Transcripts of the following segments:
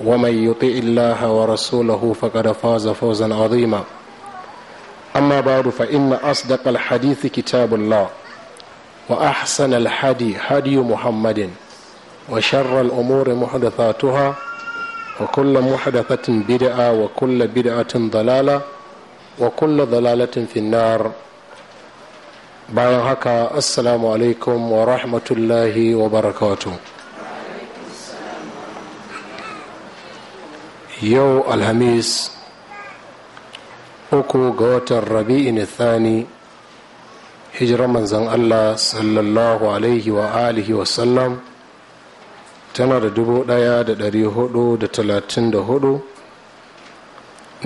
ومن يطع الله ورسوله فقد فاز فوزا عظيما أما بعد فإن أصدق الحديث كتاب الله وأحسن الحدي هدي محمد وشر الأمور محدثاتها وكل محدثة بدعة وكل بدعة ضلالة وكل ضلالة في النار بعد haka السلام عليكم ورحمه الله وبركاته yau alhamis uku ga watan rabi'in thani hijirar manzan allah sallallahu alaihi wa alihi wasallam tana da dubu daya da dari hudu da talatin da hudu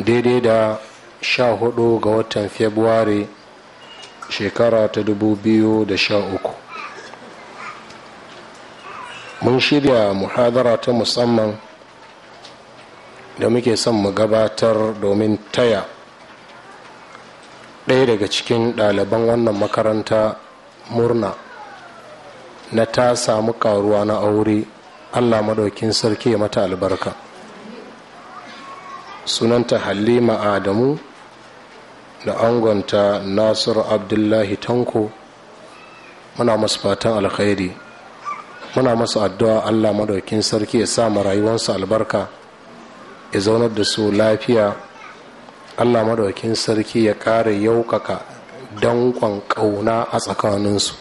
daidai da sha hudu ga watan februari shekara ta dubu biyu da sha uku mun shirya muhadara ta musamman da muke son mu gabatar domin taya ɗaya daga cikin ɗaliban wannan makaranta murna na ta samu karuwa na aure allah maɗaukin sarki mata albarka sunanta halima adamu da angonta nasiru abdullahi tanko muna masu fatan alkhairi muna masu addu'a allah maɗaukin sarki ya sa rayuwarsa albarka ya zaunar da su lafiya allah maɗaukin sarki ya ƙara yaukaka danƙon ƙauna a tsakaninsu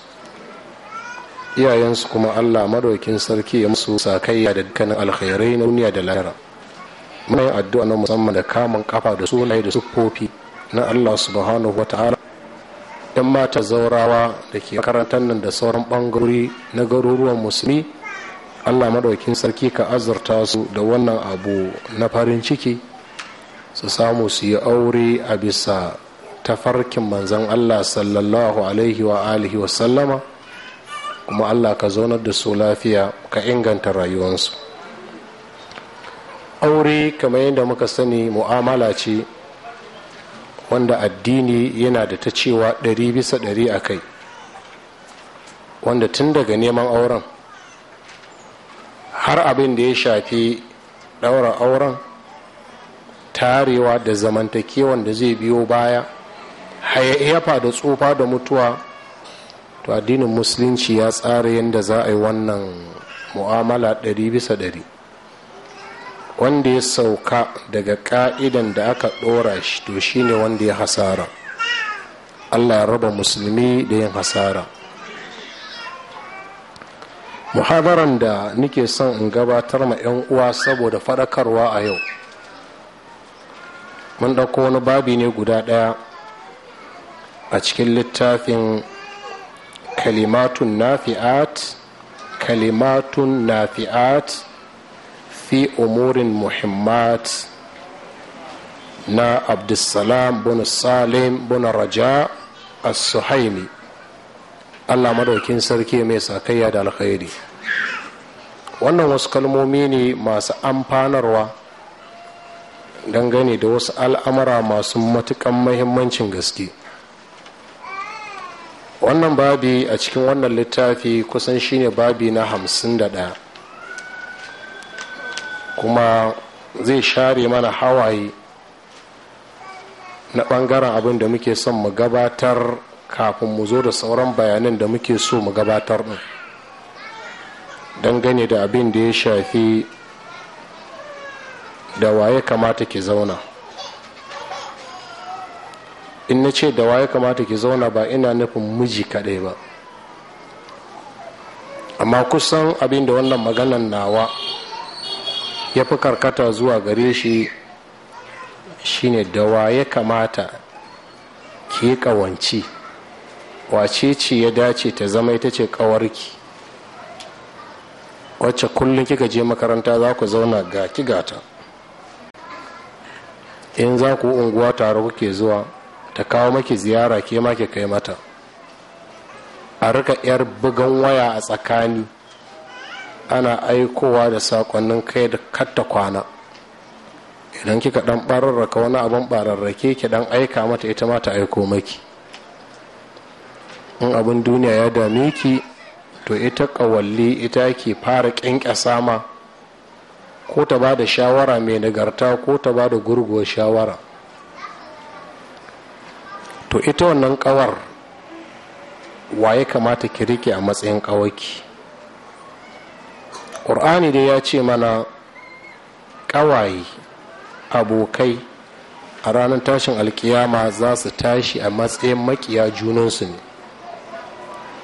iyayensu kuma allah maɗaukin sarki ya musu sakayya da dukkanin alkhairai na duniya da lahira muna yin addu'a na musamman da kamun kafa da sunaye da siffofi na allah subhanahu wa ta'ala yan mata zaurawa da ke makarantar nan da sauran ɓangarori na garuruwan musulmi allah maɗaukin sarki ka azurta su da wannan abu na farin ciki su samu su yi aure a bisa tafarkin manzan allah sallallahu alaihi wa alihi wa sallama kuma allah ka zaunar da su lafiya ka inganta rayuwansu aure kamar yadda muka sani mu'amala ce wanda addini yana da ta cewa ɗari bisa ɗari a kai wanda tun daga neman auren har abin da ya shafi ɗaura auren tarewa da zamantakewan da zai biyo baya hayayyafa da tsufa da mutuwa to addinin musulunci ya tsara yadda za a yi wannan mu'amala ɗari bisa ɗari wanda ya sauka daga ka'idan da aka ɗora shi to shine wanda ya hasara allah ya raba musulmi da yin hasara muhabaran da nike son in gabatar ma 'yan uwa saboda faɗakarwa a yau mun ɗauko wani babi ne guda ɗaya a cikin littafin kalimatun nafi'at kalimatun nafi'at fi umurin muhimmat na abdulsalam bin salim bin raja as-suhaimi allah madaukin sarki mai sakayya da alkhairi wannan wasu kalmomi ne masu amfanarwa dangane da wasu al'amura masu matukan mahimmancin gaske wannan babi a cikin wannan littafi kusan shine babi na hamsin da ɗaya kuma zai share mana hawaye na ɓangaren abin da muke son mu gabatar kafin mu zo da sauran bayanan da muke so mu gabatar din dangane da abin da ya shafi da waye kamata ki zauna in na ce da waye kamata ki zauna ba ina nufin miji kadai ba amma kusan abin da wannan maganan nawa ya fi karkata zuwa gare shi shine da waye kamata ki yi kawanci wace ce ya dace ta zama ita ce kawarki wacce kullum kika je makaranta za ku zauna ga gata in za ku unguwa tare kuke zuwa ta kawo maki ziyara ke ma ke kai mata a rika 'yar bugan waya a tsakani ana aikowa da sakonnin kai da katta kwana idan kika dan bararraka wani abin bararrake ki dan aika mata ita ma ta aiko maki in abin duniya ya dame ki to ita ƙawalle ita ke fara ƙyanƙyasa ma ko ta ba da shawara mai nagarta ko ta ba da gurguwar shawara to ita wannan ƙawar wa ya kamata ki rike a matsayin kawaki ƙur'ani dai ya ce mana ƙawaye abokai a ranar tashin alkiyama za su tashi a matsayin makiya junansu ne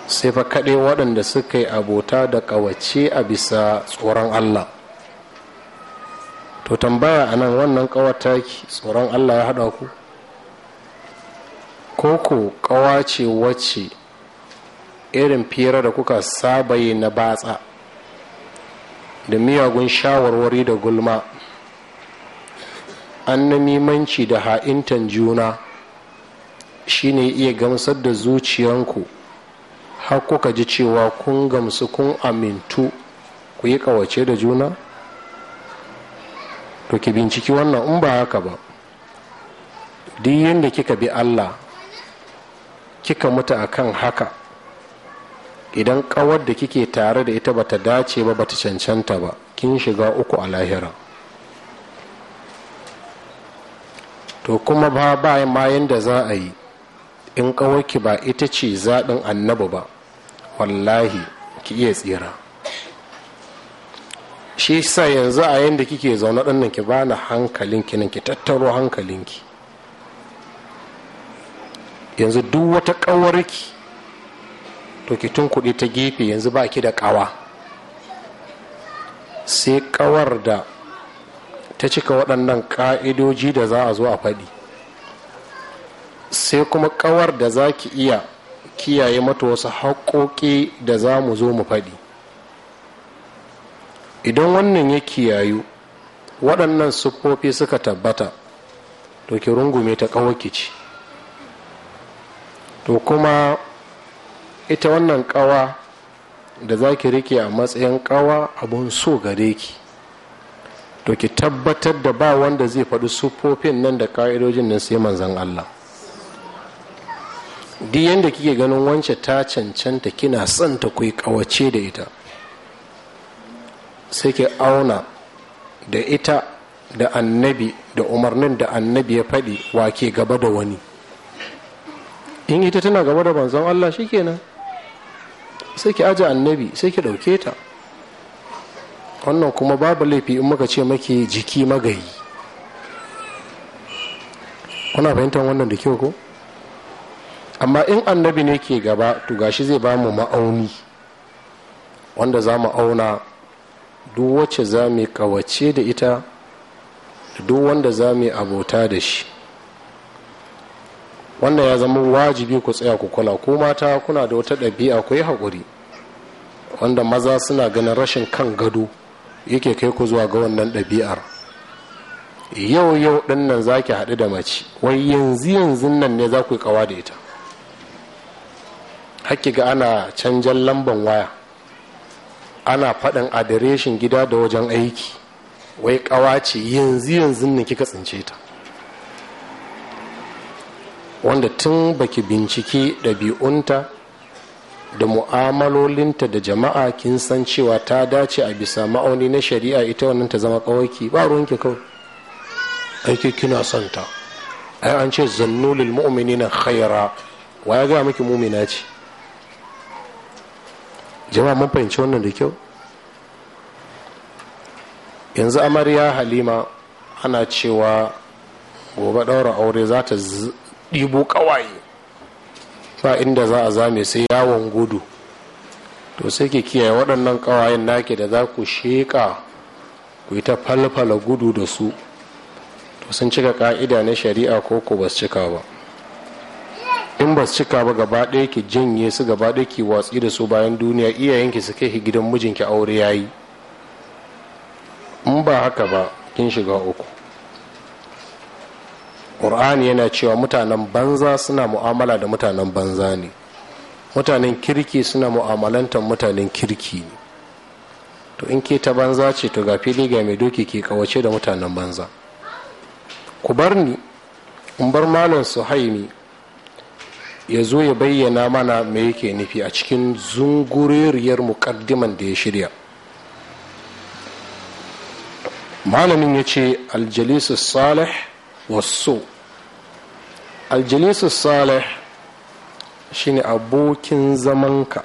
sai fa kaɗai waɗanda suka yi abota da ƙawace a bisa tsoron allah to tambaya a nan wannan ƙawata ki tsoron allah ya haɗa ku koko ƙawace wacce irin fira da kuka saba yi na batsa da miyagun shawarwari da gulma an mimanci da ha'intan juna shine iya gamsar da zuciyanku har kuka ji cewa kun gamsu kun amintu ku yi kawace da juna to ki binciki wannan in ba haka ba duk yadda kika bi allah kika mutu akan haka idan kawar da kike tare da ita bata dace ba bata cancanta ba kin shiga uku a lahira to kuma ba bayan ma yadda za a yi in ƙawarki ba ita ce zaɗin annabi ba wallahi ki iya tsira shi sa yanzu a yadda kike zaune ɗannan ki bani hankalinki nan ki tattaro hankalinki yanzu duk wata ƙawarki to ki kuɗi ta gefe yanzu ba ki da ƙawa sai ƙawar da ta cika waɗannan ƙa'idoji da za a zo a faɗi sai kuma kawar da za ki iya kiyaye mata wasu haƙoƙi da za mu zo mu faɗi idan wannan ya kiyayu waɗannan siffofi suka tabbata to ki rungume ta ƙawarki ce to kuma ita wannan ƙawa da za ki rike a matsayin ƙawa abun so gare ki to ki tabbatar da ba wanda zai faɗi siffofin nan da ƙa'idojin nan sai manzan Allah duk yadda kike ganin wance ta cancanta kina son ta kai kawace da ita sai ke auna da ita da annabi da umarnin da annabi ya faɗi wa ke gaba da wani in ita tana gaba da banzan Allah shikenan sai ki aji annabi sai ki ɗauke ta wannan kuma babu laifi in muka ce maki jiki magayi kuna fahimtar wannan da kyau ko amma in annabi ne ke gaba to gashi zai bamu ma'auni wanda za mu auna duk wacce za mu kawace da ita da duk wanda za mu abota da shi wanda ya zama wajibi ku tsaya ku kula ko mata kuna da wata ɗabi'a ku yi haƙuri wanda maza suna ganin rashin kan gado yake kai ku zuwa ga wannan ɗabi'ar yau yau ɗin nan za ki haɗu da mace wai yanzu yanzu nan ne za ku yi kawa da ita hakki ga ana canjan lamban waya ana faɗin adireshin gida da wajen aiki wai ce yanzu yanzu ne kika tsince ta wanda tun baki binciki ɗabi'unta da mu'amalolinta da jama'a kin san cewa ta dace a bisa ma'auni na shari'a ita wannan ta zama ƙawaki ba ruwanki kawai aiki kina son ta ai an ce zannulil mu'minina khaira wa ya gaya miki mumina ce jama'a mun fahimci wannan da kyau yanzu amarya halima ana cewa gobe daura aure za ta ɗibo ƙawaye ba inda za a zame sai yawon gudu to sai ke kiyaye waɗannan kawayen nake da za ku sheƙa ku yi ta falfala gudu da su to sun cika ƙa'ida na shari'a ko ku ba su cika ba in ba su cika ba gaba ɗaya ki janye su gaba ɗaya ki watsi da su bayan duniya iyayenki su kai gidan mijinki aure ya yi. in ba haka ba kin shiga uku ƙur'ani yana cewa mutanen banza suna mu'amala da mutanen banza ne mutanen kirki suna mu'amalantar mutanen kirki ne to in ke ta banza ce to ga fili ga mai doki ke kawace da mutanen banza ku bar ni in bar malam su haimi ya zo ya bayyana mana me yake nufi a cikin zunguriyar mukaddiman da ya shirya malamin ya ce aljalisu salih wasu aljalisu salih shine abokin zamanka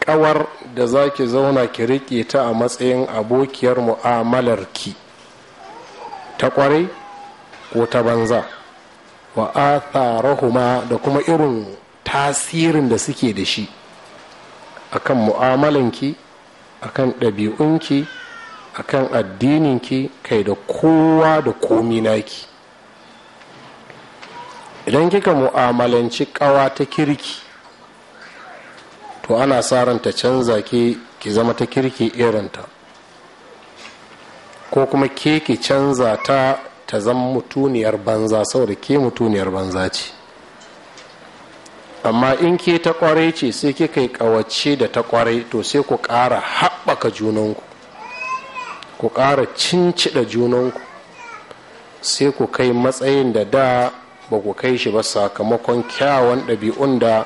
kawar da za ki zauna ki riƙe ta a matsayin abokiyar mu'amalarki ta ƙwarai ko ta banza wa atharahuma da kuma irin tasirin da suke da shi akan mu'amalanki akan ɗabi'unki akan addininki kai da kowa da komi naki idan kika mu'amalanci ƙawa ta kirki to ana sa ta canza ki ki zama ta kirki irinta ko kuma ke ki canza ta ta zan mutuniyar banza saboda ke mutuniyar banza ce amma in ke ta kware ce sai kika kai kawace da ta kware to sai ku ƙara haɓaka junanku ku ƙara cincida junanku sai ku kai matsayin da da ba ku kai shi ba sakamakon kyawun ɗabi'un da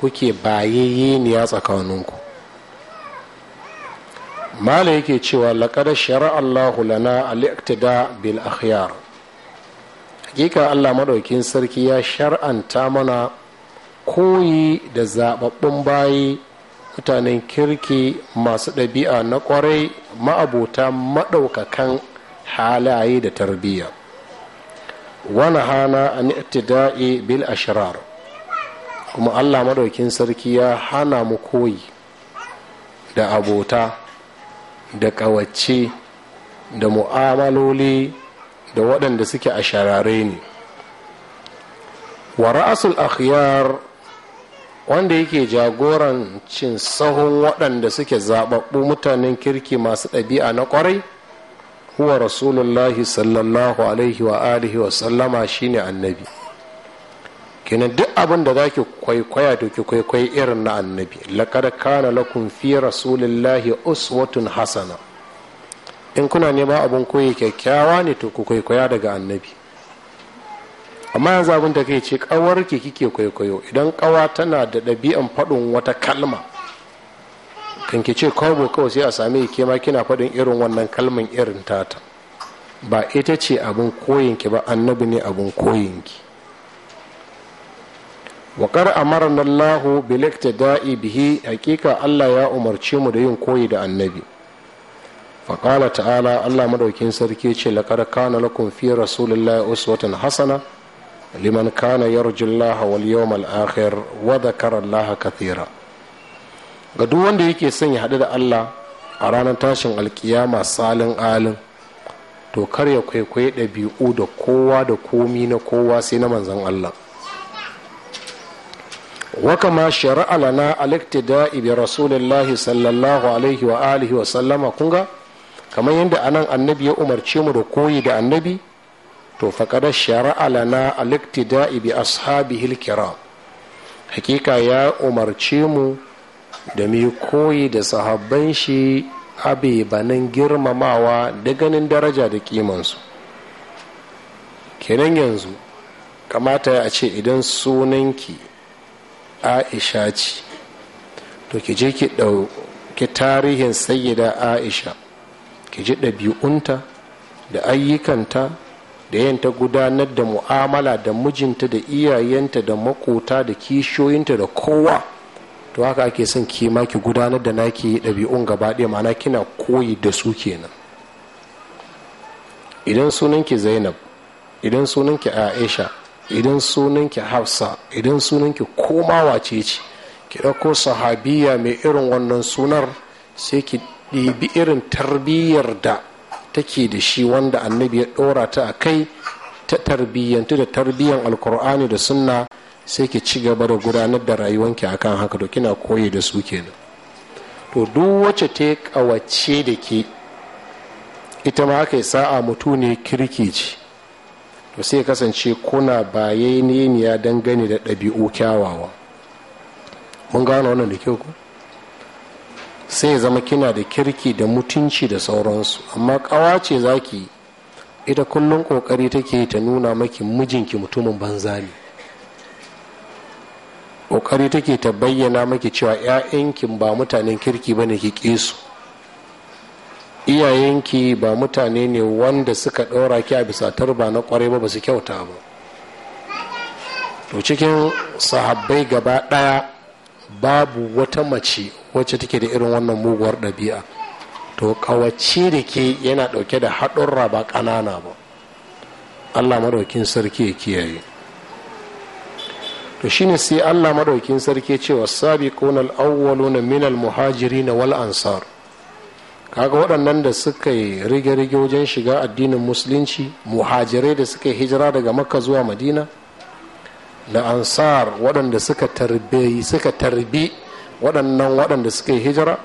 kuke bayayye tsakaninku mala yake cewa laƙar shara'allahu lana al'iktida bil akhyar hakika allah maɗaukin sarki ya shar'anta mana koyi da zaɓaɓɓun bayi mutanen kirki masu ɗabi'a na ƙwarai ma'abota maɗaukakan halaye da tarbiyya wani hana an ittida'i bil ashirar kuma allah maɗaukin sarki ya hana mu koyi da abota da ƙawace da mu'amaloli da waɗanda suke a sharare ne wa ra'asul akhyar wanda yake jagorancin sahun waɗanda suke zaɓaɓɓu mutanen kirki masu ɗabi'a na ƙwarai huwa rasulullahi sallallahu alaihi wa alihi wa sallama shine annabi kenan duk abin da zaki kwaikwaya to ki kwaikwai irin na annabi laqad kana lakum fi rasulillahi uswatun hasana in kuna nema abin koyi kyakkyawa ne to ku kwaikwaya daga annabi amma yanzu abin da kai ce kawar ki kike kwaikwayo idan kawa tana da ɗabi'an faɗin wata kalma kan ki ce kawo kawai sai a sami ki ma kina faɗin irin wannan kalman irin tata ba ita ce abin koyinki ba annabi ne abin koyinki waƙar kar amarna ta da'i bihi hakika Allah ya umarce mu da yin koyi da annabi fa ta'ala Allah madaukin sarki ce laqad kana lakum fi rasulillahi hasana liman kana yar Allah wal yawmal wadda karan dhakara kathira ga duk wanda yake son ya hadu da Allah a ranar tashin alkiyama salin alin to kar ya kwaikwayi ɗabi'u da kowa da komi na kowa sai na manzon Allah وكما شرع لنا الاقتداء برسول الله صلى الله عليه وآله وسلم كنغا كما يند أنا النبي أمر تشمر كوي دا النبي to faƙada shari'a lana aliktida bi ashabihil kiram hakika ya umarce mu da mu koyi da sahabban shi abe banin girmamawa da ganin daraja da kimansu kenan yanzu kamata a ce idan sunanki aisha ce to ki je ki ɗauki tarihin sayyida aisha ki ji ɗabi'unta da ayyukanta da yanta gudanar da mu'amala da mijinta da iyayenta da makota da kishiyoyinta da kowa to haka ake son kima ki gudanar da naki ɗabi'un gaba ɗaya ma'ana kina koyi da su kenan idan sunanki zainab idan sunanki aisha idan sunanki hafsa idan sunanki koma wace ce ki ɗauko sahabiya mai irin wannan sunar sai ki ɗibi irin tarbiyyar da take da shi wanda annabi ya ɗora ta a kai ta tarbiyyantu da tarbiyyar alkur'ani da sunna sai ki ci gaba da gudanar da rayuwanki akan haka to kina koyi da su kenan to duk wacce ta kawace da ke ita ma aka yi sa'a mutu ne kirki ce to sai kasance kuna ya dangane da ɗabi'u kyawawa mun gano wannan da kyau ku sai ya zama kina da kirki da mutunci da sauransu amma ƙawa ce za ki ita kullum ƙoƙari take ta nuna maki mijinki mutumin banza ne ƙoƙari take ta bayyana maki cewa 'ya'yankin ba mutanen kirki ba ne ki ƙesu. iyayenki ba mutane ne wanda suka ɗora ki a bisa tarba na kwarai ba su kyauta ba to cikin sahabbai gaba ɗaya babu wata mace wacce take da irin wannan muguwar ɗabi'a to kawace da ke yana ɗauke da haɗurra ba ƙanana ba allah maɗaukin sarki ya kiyaye to shine sai allah maɗaukin sarki cewa sabi ƙonar awwalo na minal muhajiri na wal ansar kaga waɗannan da suka yi rige-rige wajen shiga addinin musulunci muhajirai da suka hijira daga makka zuwa madina da ansar waɗanda suka tarbi suka tarbi waɗannan waɗanda suka yi hijira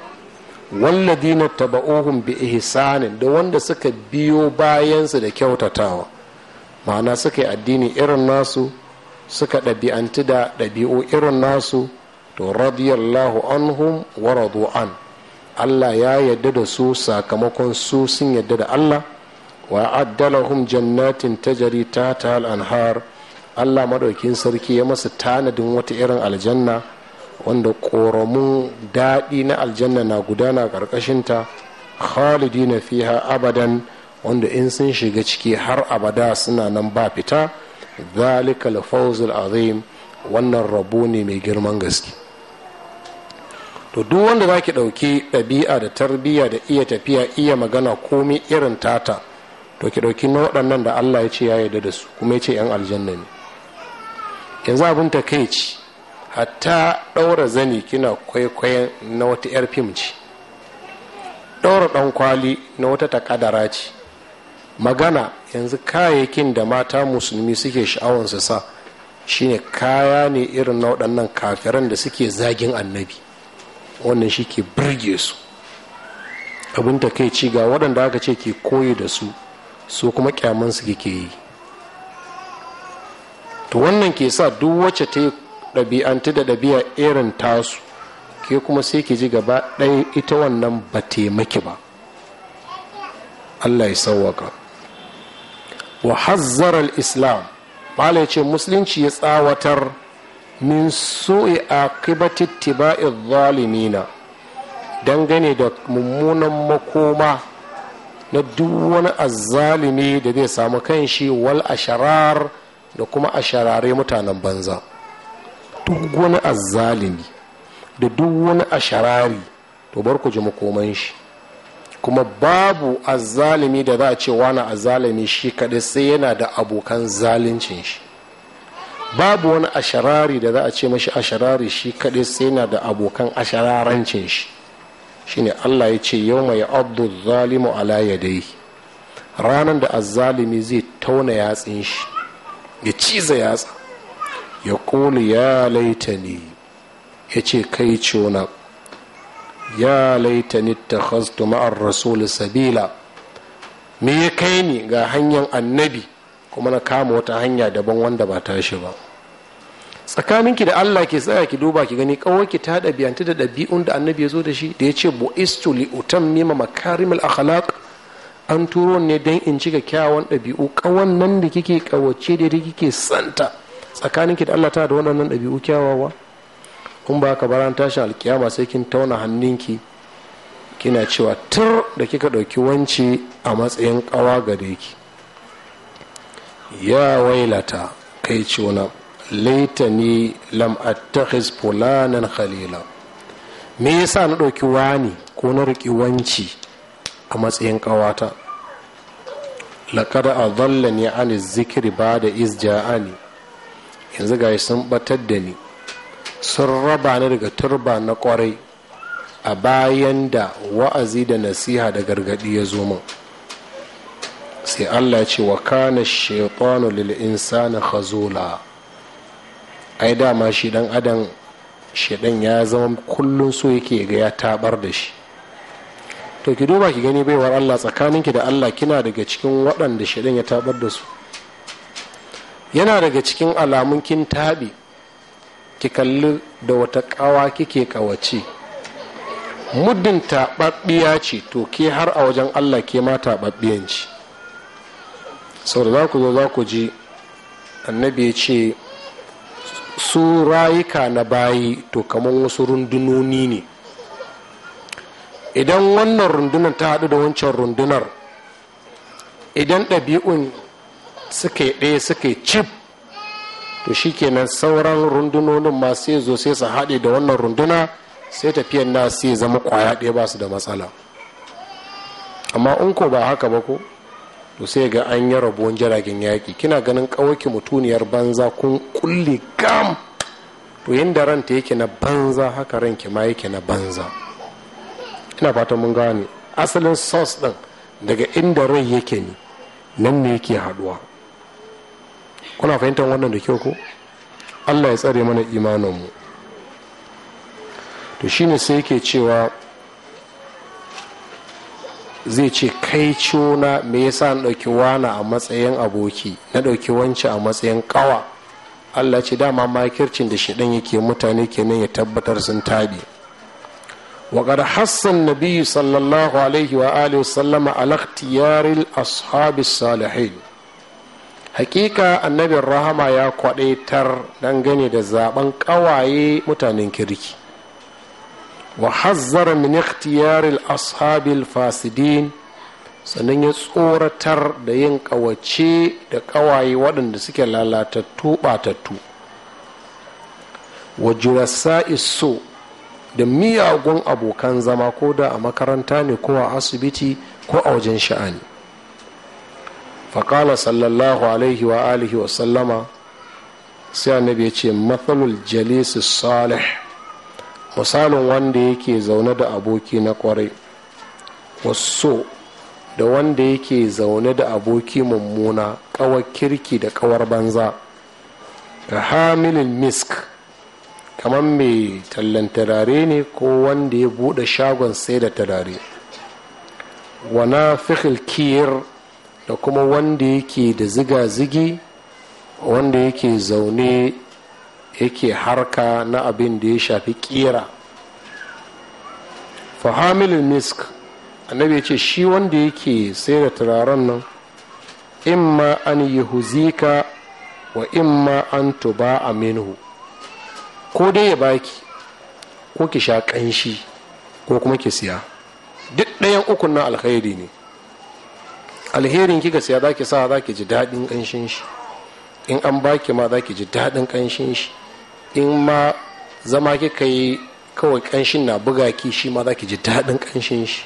walladina taba'uhum bi ihsanin da wanda suka biyo bayansu da kyautatawa ma'ana suka yi addini irin nasu suka ɗabi'anti da ɗabi'u irin nasu to radiyallahu anhum wa an allah ya yadda da su sakamakon su sun yadda da allah wa addalahum jannatin tajari ta ta anhar allah maɗaukin sarki ya masa tanadin wata irin aljanna wanda ƙoramun daɗi na aljanna na gudana ƙarƙashinta fi fiha abadan wanda in sun shiga ciki har abada suna nan ba fita zalika al azim wannan Rabu ne mai girman gaske to duk wanda za ki ɗauki ɗabi'a da tarbiyya da iya tafiya iya magana komi irin tata to ki ɗauki na waɗannan da allah ya ce ya yarda da su kuma ya ce 'yan aljanna ne yanzu abin ta kai ci hatta ɗaura zani kina kwaikwayon na wata 'yar fim ce ɗaura ɗan kwali na wata takadara ce magana yanzu kayayyakin da mata musulmi suke sha'awar su sa shine kaya ne irin na waɗannan kafiran da suke zagin annabi wannan shi ke birge su abin ta kai ci ga waɗanda aka ce ke koyi da su su kuma kyamansu ke yi to wannan ke sa duk wacce ta yi ɗabi'antu da ɗabi'a irin tasu ke kuma sai ke ji gaba ɗaya ita wannan ba taimaki ba allah ya sauwaka wa hazzarar islam ya ce musulunci ya tsawatar min su'i aqibati tiba'i zalimina dangane da mummunan makoma na duk wani azalimi da zai samu kan shi wal asharar da kuma asharare mutanen banza duk wani azalimi da duk wani asharari to bar ku ji makoman shi kuma babu azalimi da za a ce wani azalimi shi kaɗai sai yana da abokan zalincin shi babu wani asharari da za a ce mashi asharari shi kaɗai sai na da abokan ashararancin shi shine allah ya ce yau mai abdu zalimu ala yadai ranar da azalimi zai tauna yatsin shi ya ciza yatsa ya ƙuli ya laita ne ya ce kai cona ya laita ni ta ma'ar rasul sabila me ya kai ni ga hanyar annabi kuma na kama wata hanya daban wanda ba ta shi ba tsakaninki da Allah ke tsaya ki duba ki gani ki ta ɗabi'anta da ɗabi'un da annabi ya zo da shi da ya ce bu'istu li utammima makarimul akhlaq an turo ne don in cika kyawun ɗabi'u kawan nan da kike kawace da kike santa tsakaninki da Allah ta da waɗannan ɗabi'u kyawawa in ba ka baran tashin alkiyama sai kin tauna hannunki kina cewa tur da kika ɗauki wanci a matsayin ƙawa gare ki ya wailata kai ce wani laitani lam attakhiz fulanan khalila me yasa na ɗauki wani ko na riƙi wanci a matsayin ƙawata laƙar a ne an zikiri ba da yanzu gashi sun batar da ni sun raba ni daga turba na ƙwarai a bayan da wa'azi da nasiha da gargaɗi ya zo min sai allah ce wa kana shaitanu lil insani khazula ai dama shi dan adam shaidan ya zama kullun so yake ga ya tabar da shi to ki duba ki gani baiwar allah tsakaninki da allah kina daga cikin waɗanda shaidan ya tabar da su yana daga cikin alamun kin taɓi ki kalli da wata ƙawa kike ƙawace muddin taɓaɓɓiya ce to ke har a wajen allah ke ma taɓaɓɓiyan ce da za ku zo za ku ji annabi ya ce su rayuka na bayi to kamar wasu rundunoni ne idan wannan rundunar ta haɗu da wancan rundunar idan ɗabi'un suka yi ɗaya suka yi cif to shikenan sauran rundunonin ma sai zo sai su haɗe da wannan runduna sai tafiyan na sai zama kwaya ɗaya ba su da matsala amma in ko ba haka ba ko to sai ga an yi rabuwan jiragen yaƙi kina ganin ƙawaki mutuniyar banza kun kulle gam to yadda ranta yake na banza haka ranki ma yake na banza ina fatan mun gane asalin sos din daga inda rai yake ne nan ne yake haɗuwa kuna fahimtar wannan da kyau ko allah ya tsare mana imanin mu to shine sai yake cewa zai ce kai cuna me yasa na ɗauki wana a matsayin aboki na ɗauki wance a matsayin ƙawa allah ce dama makircin da shi ɗan yake mutane kenan ya tabbatar sun tabi waƙar hassan النبي صلى الله عليه وآله a على اختيار الأصحاب hakika annabin rahama ya kwaɗaitar dangane da zaben ƙawaye mutanen kirki وحذر من اختيار الأصحاب الفاسدين sannan ya tsoratar da yin ƙawace da ƙawaye waɗanda suke lalatattu ɓatattu wa jirasa iso da miyagun abokan zama ko da a makaranta ne ko a asibiti ko a wajen sha'ani faƙala sallallahu alaihi wa alihi wa sallama sai annabi ya ce matsalul jalisi salih misalin wanda yake zaune da aboki na kwarai wasu da wanda yake zaune da aboki mummuna kawar kirki da kawar banza da hamilin misk kamar mai tallan tarare ne ko wanda ya bude shagon sai da tarare wana fikil kiyar da kuma wanda yake da ziga-zigi wanda yake zaune yake harka na abin da ya shafi kira fahamilin misk annabi ce shi wanda yake sai da turaren nan imma an yahuzika wa imma an tuba a minhu ko dai ya baki ko ki sha kanshi ko kuma ki siya duk ɗayan uku na alkhairi ne alherin kika siya za ki sa za ki ji daɗin ƙanshin shi in an baki ma za ki ji daɗin ƙanshin shi in ma zama kika yi kawai kanshin na buga ki shi ma za ki ji daɗin kanshin shi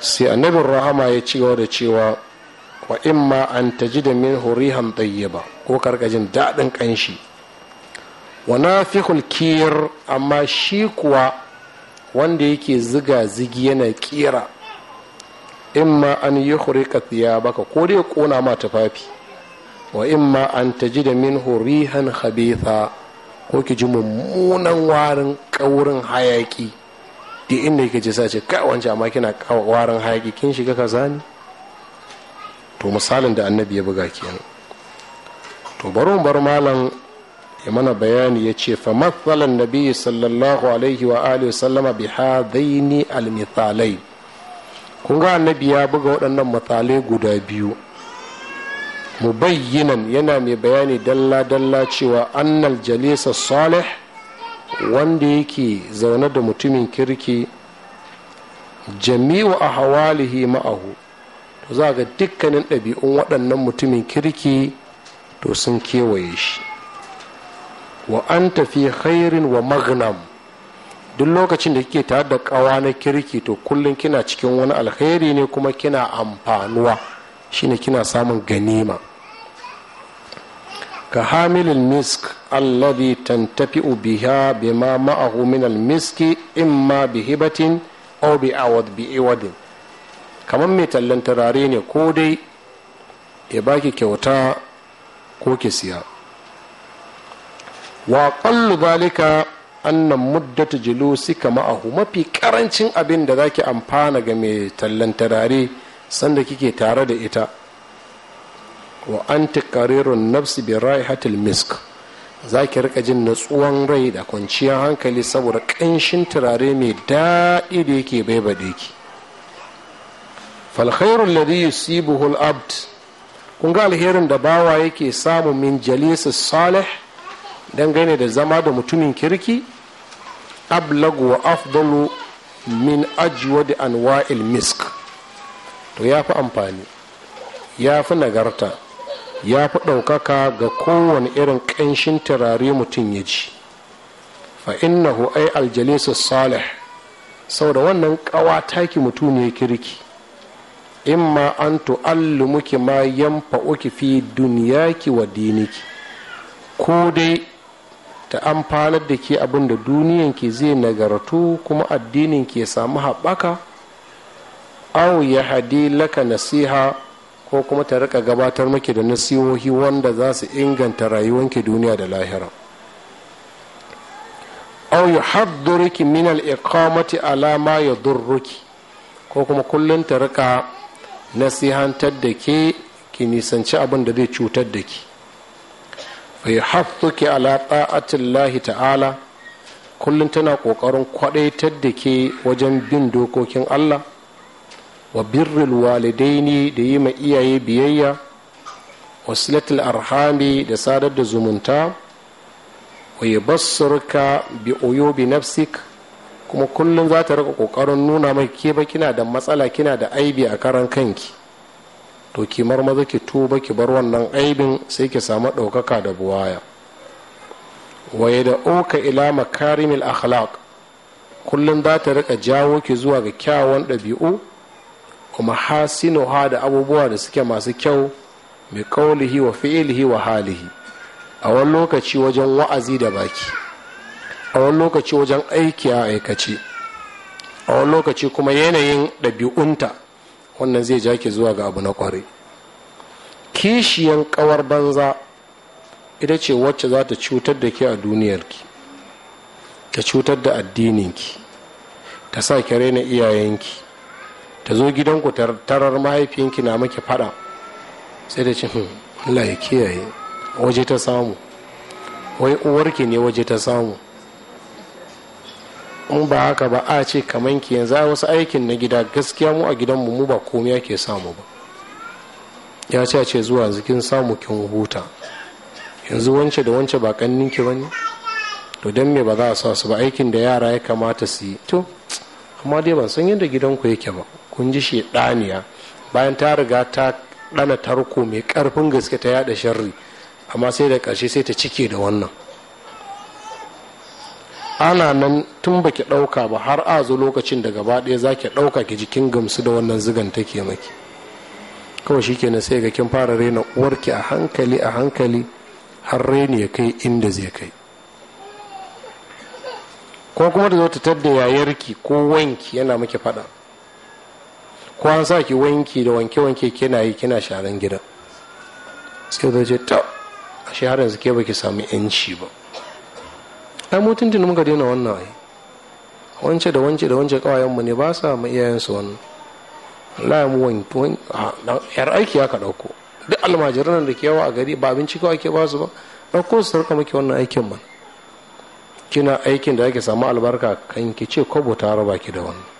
sai annabin rahama ya ci da cewa wa in ma an ta ji da min hurihan ba ko karkajin daɗin kanshi wa na fi kiyar amma shi kuwa wanda yake ziga zigi yana kira ma an yi hurika baka ko dai kona ma tufafi wa imma an ji da min rihan khabitha ko ki ji mummunan warin kaurin hayaki da inda yake jisa ce kai wancan amma kina warin hayaki kin shiga kaza ne to misalin da annabi ya buga kenan to bari bar malam ya mana bayani ya ce fa matsalan nabi sallallahu alaihi wa alihi sallama bi hadaini al kun ga annabi ya buga waɗannan misalai guda biyu mubayyinan yana mai bayani dalla-dalla cewa annal jalisa salih wanda yake zaune da mutumin kirki jami'u a hawalihi ma'ahu to za ga dukkanin ɗabi'un waɗannan mutumin kirki to sun kewaye shi wa an tafi khairin wa magnam duk lokacin da kike tare da ƙawa na kirki to kullum kina cikin wani alkhairi ne kuma kina amfanuwa shine kina samun ganima ka hamilin misk alladhi tantafi'u biha bima ma'ahu min almiski imma bihibatin aw bi awad bi iwadin kamar mai tallan turare ne ko dai ya baki kyauta ko ki siya wa qallu zalika annan muddatu julusi ma'ahu mafi karancin abin da zaki amfana ga mai tallan turare sanda kike tare da ita wa anti qarirun nafsi bi raihatil misk za ki rika jin natsuwan rai da kwanciyar hankali saboda ƙanshin turare mai daɗi da yake baibade ki falkhairun ladhi yusibuhu al-abd kun ga alherin da bawa yake samu min jalisi salih dangane da zama da mutumin kirki ablagu wa afdalu min ajwad anwa'il misk to ya fi amfani ya fi nagarta ya fi ɗaukaka ga kowane irin ƙanshin turare mutum ya ji fa ai aljalisu salih sau da wannan ƙawa taki mutum ya kirki imma an muki ma fa'uki fi duniyaki wa diniki ko dai ta amfanar da ke abin da duniyanki zai nagartu kuma addinin ke samu haɓaka aw ya hadi laka nasiha ko kuma ta rika gabatar maki da nasihohi wanda za su inganta rayuwanki duniya da lahira aw yuhadduriki min al-iqamati ala ma yadurruki ko kuma kullum ta rika nasihantar da ke ki nisanci abin da zai cutar da ki fa yuhadduki ala ta'atillahi ta'ala kullum tana kokarin kwadaitar da ke wajen bin dokokin Allah wa walidai ne da yi ma iyaye biyayya wasilatul arhami da sadar da zumunta wa basurka bi Oyo bi nafsik kuma kullum za ta rika kokarin nuna maki ke ba kina da matsala kina da aibi a karan kanki to ki maza ki tuba ki bar wannan aibin sai ki samu ɗaukaka da buwaya waye da oka ila makarimil akhlaq kullum za ta rika jawo ki zuwa ga kyawun ɗabi'u kuma hasinoha da abubuwa da suke masu kyau mai kaulihi wa fi'ilihi wa halihi a wani lokaci wajen wa'azi da baki a wani lokaci wajen aiki a aikace a wani lokaci kuma yanayin ɗabi'unta wannan zai ja ki zuwa ga abu na kwarai kishiyan ƙawar banza ita ce wacce za ta cutar da ke a duniyarki ta cutar da addininki ta sa ki raina iyayenki ta zo gidanku tarar mahaifinki na maki fada sai da ce hmm, Allah ya kiyaye waje ta samu wai uwarki ne waje ta samu in ba haka ba a ce kamar ki yanzu wasu aikin na gida gaskiya mu a gidanmu mu ba komai ke samu ba ya ce ce zuwa zikin samu kin huta yanzu wance da wance ba kannin ki bane to dan me ba za a sa su ba aikin da yara ya kamata su yi to amma dai ban san yadda gidanku yake ba kun ji shi ɗaniya bayan ta riga ta ɗana tarko mai ƙarfin gaske ta yada sharri amma sai da ƙarshe sai ta cike da wannan ana nan tun baki ɗauka ba har a zo lokacin da gaba ɗaya za ki ɗauka ki jikin gamsu da wannan zigan take maki kawai shi na sai ga kin fara rena uwarki a hankali a hankali har reni ya kai inda zai kai ko kuma da zo ta tadda yayarki ko wanki yana maki faɗa ko an sa ki wanki da wanke-wanke kina yi kina sharan gidan sai zai je ta a shi har ke baki sami yanci ba ai mutum tuni muka daina wannan ai wance da wance da wance kawayenmu ne ba sa iyayen iyayensu wannan Allah mu wanki yar aiki ya ka dauko duk almajiran da ke yawa a gari ba abinci kawai ke ba su ba dauko su sarka miki wannan aikin mana kina aikin da ake samu albarka kan ki ce kobo ta raba ki da wannan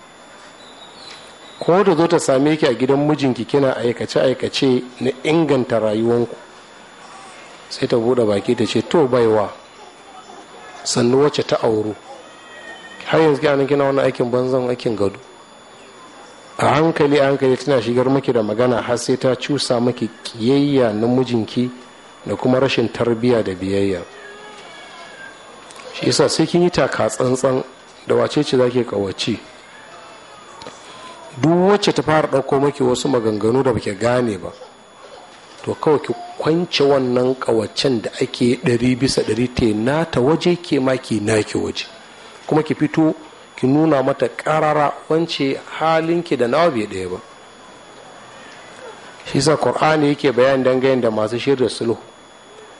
ko ta zo ta same ki a gidan mijinki kina aikace aikace na inganta rayuwanku sai ta bude baki ta ce to baiwa sannu wacce ta auro har yanzu kina kina wani aikin banzan aikin gado a hankali a hankali tana shigar maki da magana har sai ta cusa maki kiyayya na mijinki da kuma rashin tarbiya da biyayya shi yasa sai kin yi taka tsantsan da wace ce zake kawace duk wacce ta fara ɗauko maki wasu maganganu da baki gane ba to kawai ki kwance wannan ƙawacen da ake ɗari bisa ɗari te ta waje ke maki naki waje kuma ki fito ki nuna mata ƙarara wance halinki da nawa bai ɗaya ba shi sa ƙur'ani yake bayan dangayen da masu shirya sulhu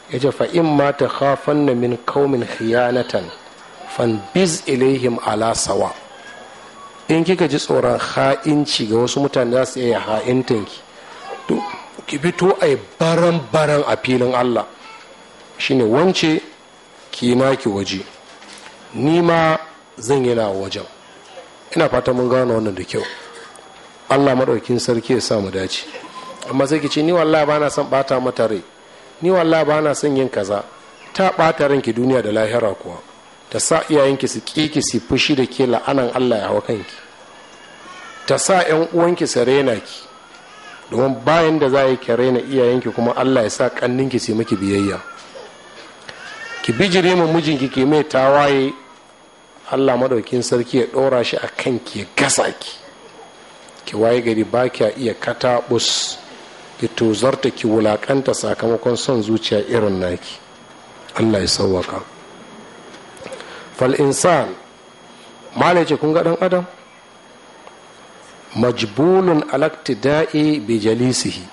ya ce fa'in ma ta khafan min kaumin khiyanatan fan biz ilaihim ala sawa' in kika ji tsoron ha'inci ga wasu mutane za su iya ki to ki fito a baran baran a filin allah shine wance ki na ki waje ni ma zan yi na wajen ina fata mun gano wannan da kyau allah maɗaukin sarki ya sa mu dace amma sai ki ce ni wallah ba na son ɓata mata rai ni wallah ba na son yin kaza ta ɓata ranki duniya da lahira kuwa ta sa iyayenki su ƙiki su fushi da ke la'anan allah ya hawa kanki ta sa 'yan uwanki su rena ki domin bayan da za a yi ki rena iyayenki kuma allah ya sa ƙanninki su miki biyayya ki bi ma mijinki ke mai tawaye allah madaukin sarki ya ɗora shi a kanki ya gasa ki ki waye gari ba kya iya kataɓus ki tozarta ki wulaƙanta sakamakon son zuciya irin naki allah ya sauwaka fal insan mala ce kun ga dan adam majbulun alaktida'i bi jalisihi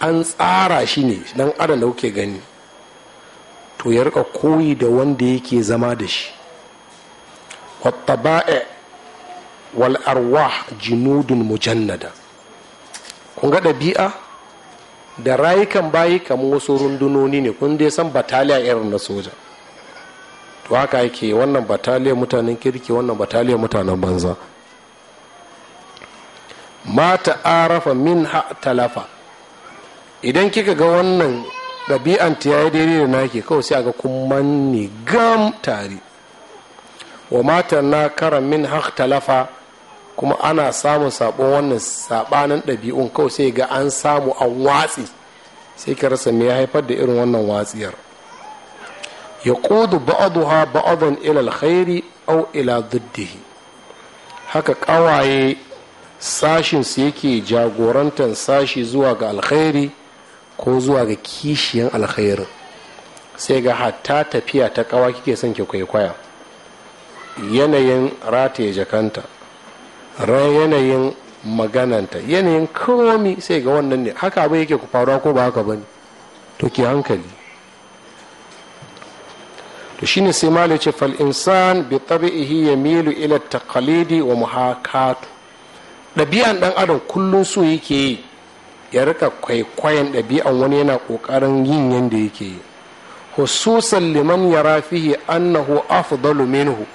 an tsara shi ne dan adam da kuke gani to ya rika koyi da wanda yake zama da shi wattaba'i wal arwah jinudun mujannada kun ga ɗabi'a da rayukan bayi kamar wasu rundunoni ne kun dai san bataliya irin na soja to haka yake wannan bataliyar mutanen kirki wannan bataliyar mutanen banza mata arafa min ha talafa idan kika ga wannan ɗabi'an ta yayi daidai da nake kawai sai a ga kumman ne gam tare wa mata na kara min ha talafa kuma ana samun sabon wannan sabanin ɗabi'un kawai sai ga an samu an watsi sai ka rasa me ya haifar da irin wannan watsiyar ya ƙudu ba'aduha ba'adun ila alkhairi au ila duddihi haka ƙawaye sashinsu yake jagorantar sashi zuwa ga alkhairi ko zuwa ga kishiyan alkhairin sai ga hatta tafiya ta ƙawa kike son ki kwaikwaya yanayin rataye jakanta yanayin magananta yanayin komi sai ga wannan ne haka abin yake ku faruwa ko ba haka bane to ki hankali to shine sai mala ce fal insan bi tabi'ihi yamilu ila taqalidi wa muhakatu ɗabi'an ɗan adam kullun so yake yi ya rika kwaikwayan ɗabi'an wani yana kokarin yin yanda yake yi hususan liman ya fihi annahu afdalu minhu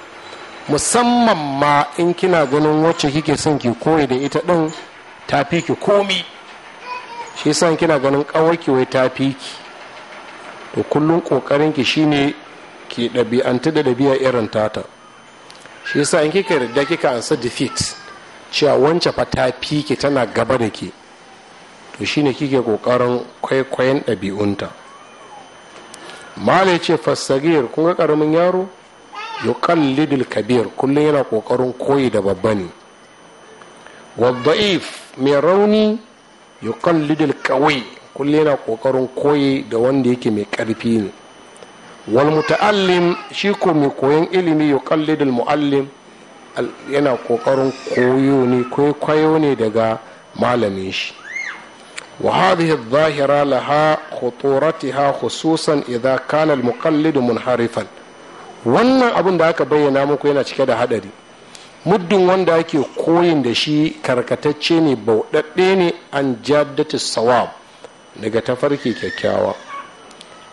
musamman ma in kina ganin wacce kike son ki koyi da ita ɗin tafi ki komi shi yasa kina ganin ƙawarki wai tafi ki to kullun kokarin ki shine Ke ɗabi'antu da ɗabi'a irin tata shi yasa in kika yarda kika ansa defeat cewa wance fa ta fi ki tana gaba da ke to shine kike kokarin kwaikwayon ɗabi'unta malai ce fassagiyar kun karamin yaro lidl kabir kullum yana kokarin koyi da babba ne wadda'if mai rauni yuqallidul Kawai kullum yana kokarin koyi da wanda yake mai karfi ne walmuta'allim shi ko mai koyon ilimi ya da mu'allim yana kokarin koyo ne kwaikwayo ne daga malamin shi wa hadhihi adh-dhahira laha khuturatiha khususan idha kana al-muqallid munharifan wannan abin da aka bayyana muku yana cike da hadari muddin wanda ake koyin da shi karkatacce ne bauɗaɗɗe ne an jaddata sawab daga tafarki kyakkyawa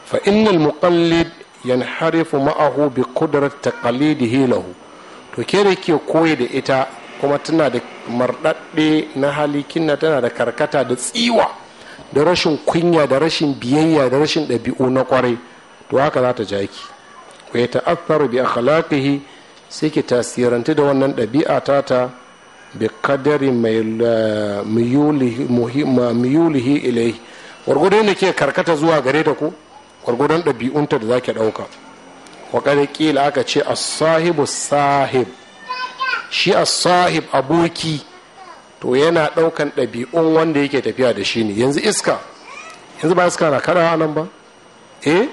fa innal muqallid yanharifu ma'ahu bi qudrat da hilahu to ke da ke koyi da ita kuma tana da marɗaɗɗe na hali kinna tana da karkata da tsiwa da rashin kunya da rashin biyayya da rashin ɗabi'u na kwarai to haka za ta ja ki ku ta ta'athar bi akhlaqihi sai ki tasirantu da wannan ɗabi'a ta ta bi kadari mai eh, miyulihi ilai gwargwado da ke karkata zuwa gare ta ko gwargwadon ɗabi'unta da zaki ɗauka waƙar ƙila aka ce as-sahibu sahib shi as-sahib aboki to yana ɗaukan ɗabi'un wanda yake tafiya da shi ne yanzu iska yanzu ba iska na kada nan ba eh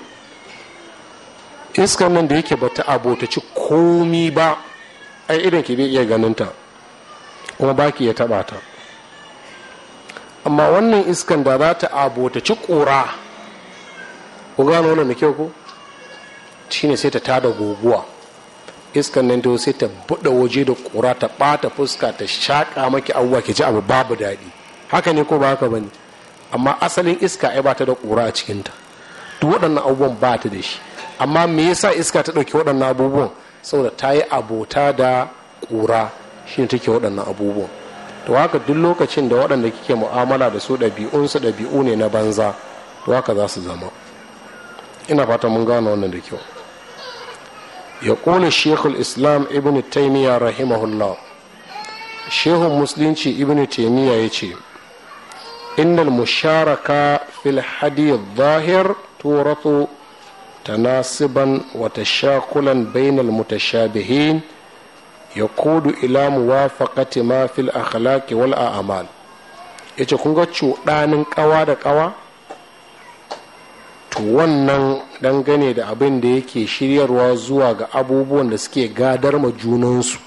iskan nan da yake bata abotaci komi ba ai idan ki bai iya ganinta kuma baki ya taɓa ta amma wannan iskan da za ta abotaci ƙura ku gano wannan da kyau ko shine sai ta tada guguwa iskan nan to sai ta buɗe waje da ƙura ta ɓata fuska ta shaƙa maki abubuwa ke ji abu babu daɗi haka ne ko ba haka bane amma asalin iska ai ba ta da ƙura a cikinta duk waɗannan abubuwan ba ta da shi amma me yasa iska ta ɗauki waɗannan abubuwan saboda ta yi abota da ƙura shine ne take waɗannan abubuwan to haka duk lokacin da waɗanda kike mu'amala da su ɗabi'unsu ɗabi'u ne na banza to haka za su zama ina fata mun gano wannan da kyau ya ƙone shekul islam ibn taimiyya rahimahullah shehun musulunci ibn taimiyya ya ce innal musharaka fil hadith zahir turatu tanasiban wata shakulan bainal mutashabihin yakudu ila muwafaqati ma fil akhlaqi wal a'mal yace kun ga cuɗanin ƙawa da ƙawa wannan dangane da abin da yake shiryarwa zuwa ga abubuwan da suke gadar ma junansu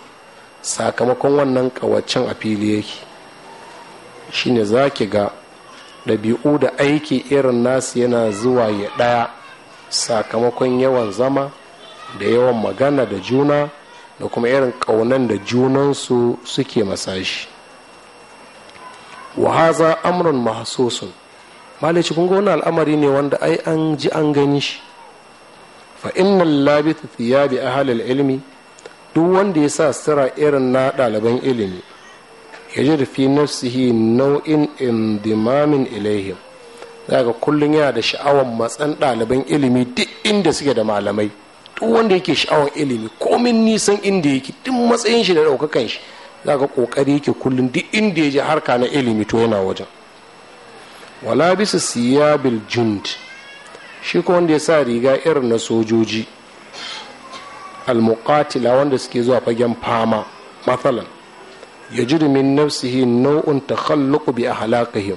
sakamakon wannan kawacen a fili yake shine za ki ga ɗabi'u da aiki irin nasu yana zuwa ya ɗaya sakamakon yawan zama da yawan magana da juna da kuma irin ƙaunan da junansu suke masashi wahaza amrun mahasusun malai ci kunga al'amari ne wanda ai an ji an gani shi fa innal bi a halal ilimi. duk wanda ya sa sira irin na ɗaliban ilimi ya ji fi nafsihi nau'in indimamin ilaihim ga kullum yana da sha'awan matsan ɗaliban ilimi duk inda suke da malamai duk wanda yake sha'awan ilimi komin nisan inda yake duk matsayin shi da ɗaukakan shi za ga ƙoƙari yake kullum duk inda ya ji harka na ilimi to yana wajen wala bisa siya jund shi ko wanda ya sa riga irin na sojoji almuqatila wanda suke zuwa fagen fama matsalan ya jiru min nafsihi nau'un takhalluqu bi ahlaqihim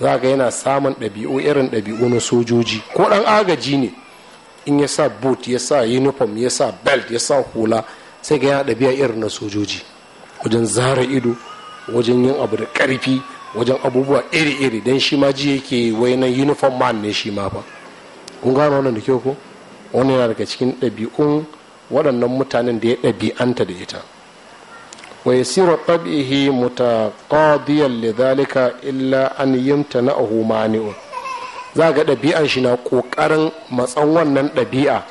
za ka yana samun ɗabi'u irin ɗabi'u na sojoji ko ɗan agaji ne in ya sa boot ya sa uniform ya sa belt ya sa hula sai ga yana ɗabi'a irin na sojoji wajen zara ido wajen yin abu da ƙarfi wajen abubuwa iri-iri don shi ma ji yake wai na uniform man ne shi ma fa kun gano wannan da kyau ko wani yana daga cikin ɗabi'un waɗannan mutanen da ya ɗabi'anta da ita wa yasiru tabihi mutaqadiyan lidhalika illa an yamtana'ahu mani'un za ga ɗabi'an shi na ƙoƙarin matsan wannan ɗabi'a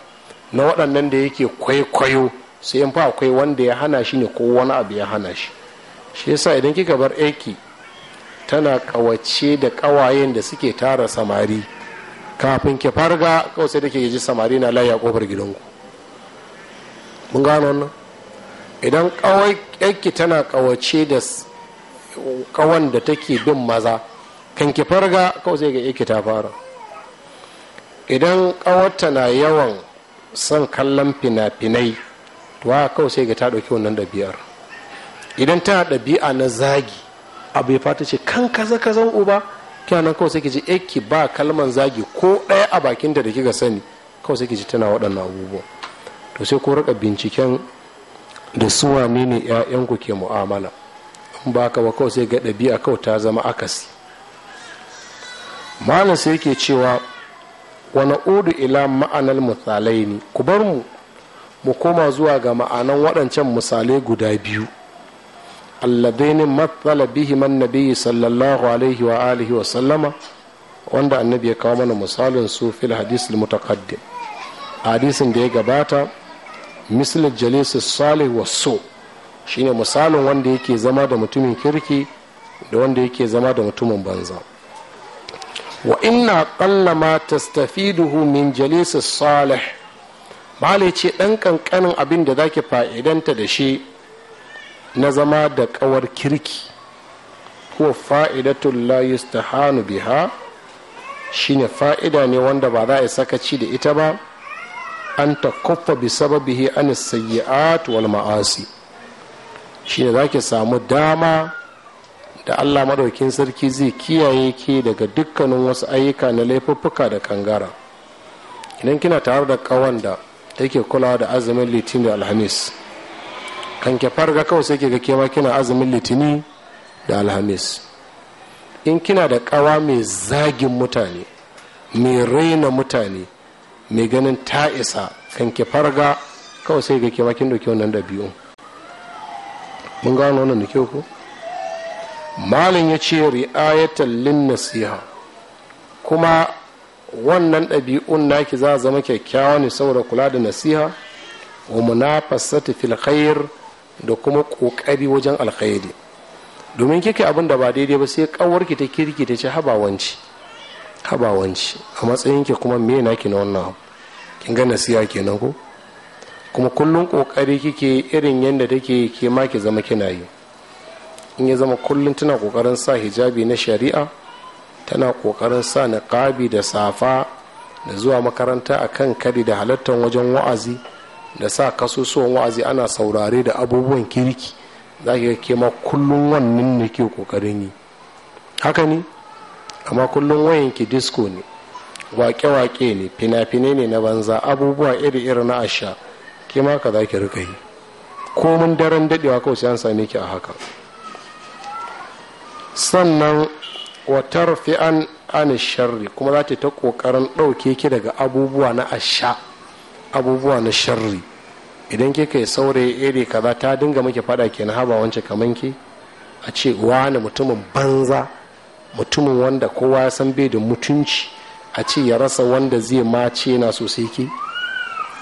na waɗannan da yake kwaikwayo sai in fa akwai wanda ya hana shi ne ko wani abu ya hana shi shi yasa idan kika bar aiki tana kawace da kawayen da suke tara samari kafin ki farga kawai sai da ke ji samari na layi a kofar gidanku mun gano nan idan kawai tana kawace da kawan da take bin maza kan ki farga kawai sai ga yake ta fara idan kawata na yawan son kallon fina-finai wa kawai sai ga ta ɗauki wannan ɗabi'ar idan tana ɗabi'a na zagi abu ya fata ce kan kaza kazan uba kina nan kawai sai ki ji ba kalman zagi ko ɗaya a bakin da kika sani kawai sai ki ji tana waɗannan abubuwa to sai ko rika binciken da su wane ne 'ya'yanku ke mu'amala in ba ka ba kawai sai ga ɗabi'a kawai ta zama akasi malam sai ke cewa wani udu ila ma'anar misalai ne ku bar mu mu koma zuwa ga ma'anan waɗancan misalai guda biyu allazaini matsala bihi man nabi sallallahu alaihi wa alihi wa sallama wanda annabi ya kawo mana misalin su fil hadis mutaqaddim hadisin da ya gabata misal jalis salih wa shine misalin wanda yake zama da mutumin kirki da wanda yake zama da mutumin banza wa inna qalla ma tastafiduhu min jalis salih bale ce dan kankanin abin da zaki fa'idanta da shi na zama da kawar kirki ko fa'idatun ta hannu biha shine fa'ida ne wanda ba za a yi sakaci da ita ba an ta kuffa bi sababihi an sayyi'at wal ma'asi shine za ki samu dama da Allah madaukin sarki zai kiyaye ke daga dukkanin wasu ayyuka na laifuffuka da kangara idan kina tare da kawan da take kulawa da azumin litinin da alhamis kan ke farga kawai sai ke ga kewa kina azumin litini da alhamis in kina da kawa mai zagin mutane mai raina mutane mai ganin ta isa kan ke farga kawai sai ga kewa kin doke wannan biyu mun gano wannan da kyau ko malin ya ce ri'ayatan lin nasiha kuma wannan ɗabi'un naki za zama kyakkyawa ne saboda kula da nasiha wa munafasati fil khair da kuma ƙoƙari wajen alkhairi domin kike abin da ba daidai ba sai ƙawarki ta kirki ta ce habawanci habawanci a matsayin ki kuma me na ki na wannan abu kin ga nasiya kenan ko kuma kullum ƙoƙari kike irin yadda take ke ma ki zama kina yi in ya zama kullum tana ƙoƙarin sa hijabi na shari'a tana ƙoƙarin sa niqabi da safa da zuwa makaranta akan kari da halattan wajen wa'azi da sa kasusuwan wa'azi ana saurare da abubuwan kirki za ki ke ma kullum wannan ne ke kokarin yi haka ne amma kullum wayan ki disko ne wake-wake ne fina-finai ne na banza abubuwa iri-iri na asha ke ma ka za ki rika yi ko mun daren dadewa kawai sai an same ki a haka sannan watar fi'an an sharri kuma za ta ta kokarin ɗauke ki daga abubuwa na asha abubuwa na sharri idan kika yi saurayi iri kaza ta dinga muke fada ke na haba wancan kaman ki a ce wani mutumin banza mutumin wanda kowa ya san bai da mutunci a ce ya rasa wanda zai mace na sosai ki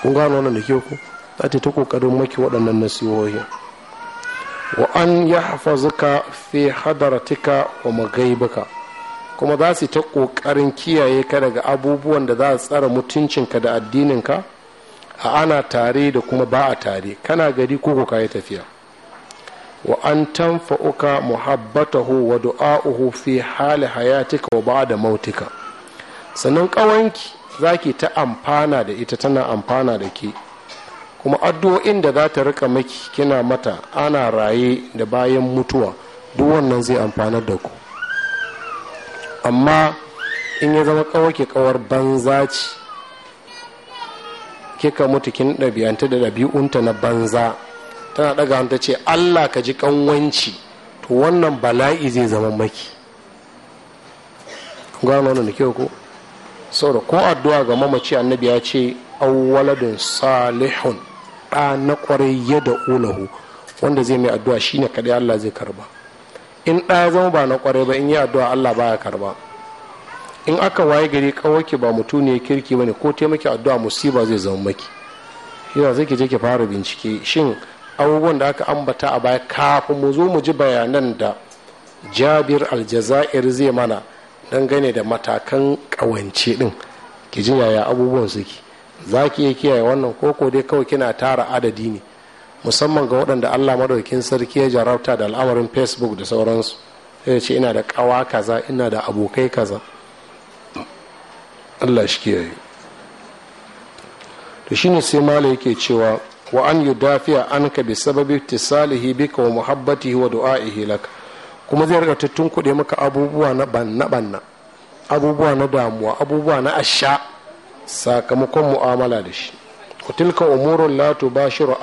kun gano wannan da ke ku za ta kokarin maki waɗannan nasihohi wa an ya zuka fi hadaratika wa magaibuka kuma za su ta kokarin kiyaye ka daga abubuwan da za a tsara mutuncinka da addininka a ana tare da kuma ba a tare kana gari ko ka yi tafiya wa an tanfa'uka muhabbatahu wa du'a'uhu fi hali hayatika wa ba da mautika sannan kawanki ki ta amfana da ita tana amfana da ke kuma addu'o'in da za ta rika maki kina mata ana raye da bayan mutuwa duk wannan zai amfana da ku amma in ya zama kawake kawar banza ce kika mutu kin ɗabi'anta da ɗabi'unta na banza tana ɗaga hanta ce allah ka ji ƙanwanci to wannan bala'i zai zama maki gano wannan da kyau ko saboda ko addu'a ga mamaci annabi ya ce awwaladun salihun ɗa na kwarai yadda ulahu wanda zai mai addu'a shine kaɗai allah zai karba in ɗaya zama ba na kwarai ba in yi addu'a allah baya karba in aka waye gari kawaki ba ne kirki bane ko taimaki addu'a musiba zai zama maki yana zai ke je ki fara bincike shin abubuwan da aka ambata a baya kafin mu zo mu ji bayanan da jabir aljazair zai mana dangane da matakan kawance din ki ji yaya abubuwan suke za ki iya kiyaye wannan ko ko dai kawai kina tara adadi ne musamman ga waɗanda allah madaukin sarki ya jarabta da al'amarin facebook da sauransu sai ce ina da kawa kaza ina da abokai kaza Allah shi kiyaye to shine sai mala yake cewa wa an yudafiya anka bi sababi tisalihi bika wa muhabbatihi wa du'aihi laka kuma zai rika tattun kuɗe maka abubuwa na banna banna abubuwa na damuwa abubuwa na asha sakamakon mu'amala da shi وتلك أمور لا تباشر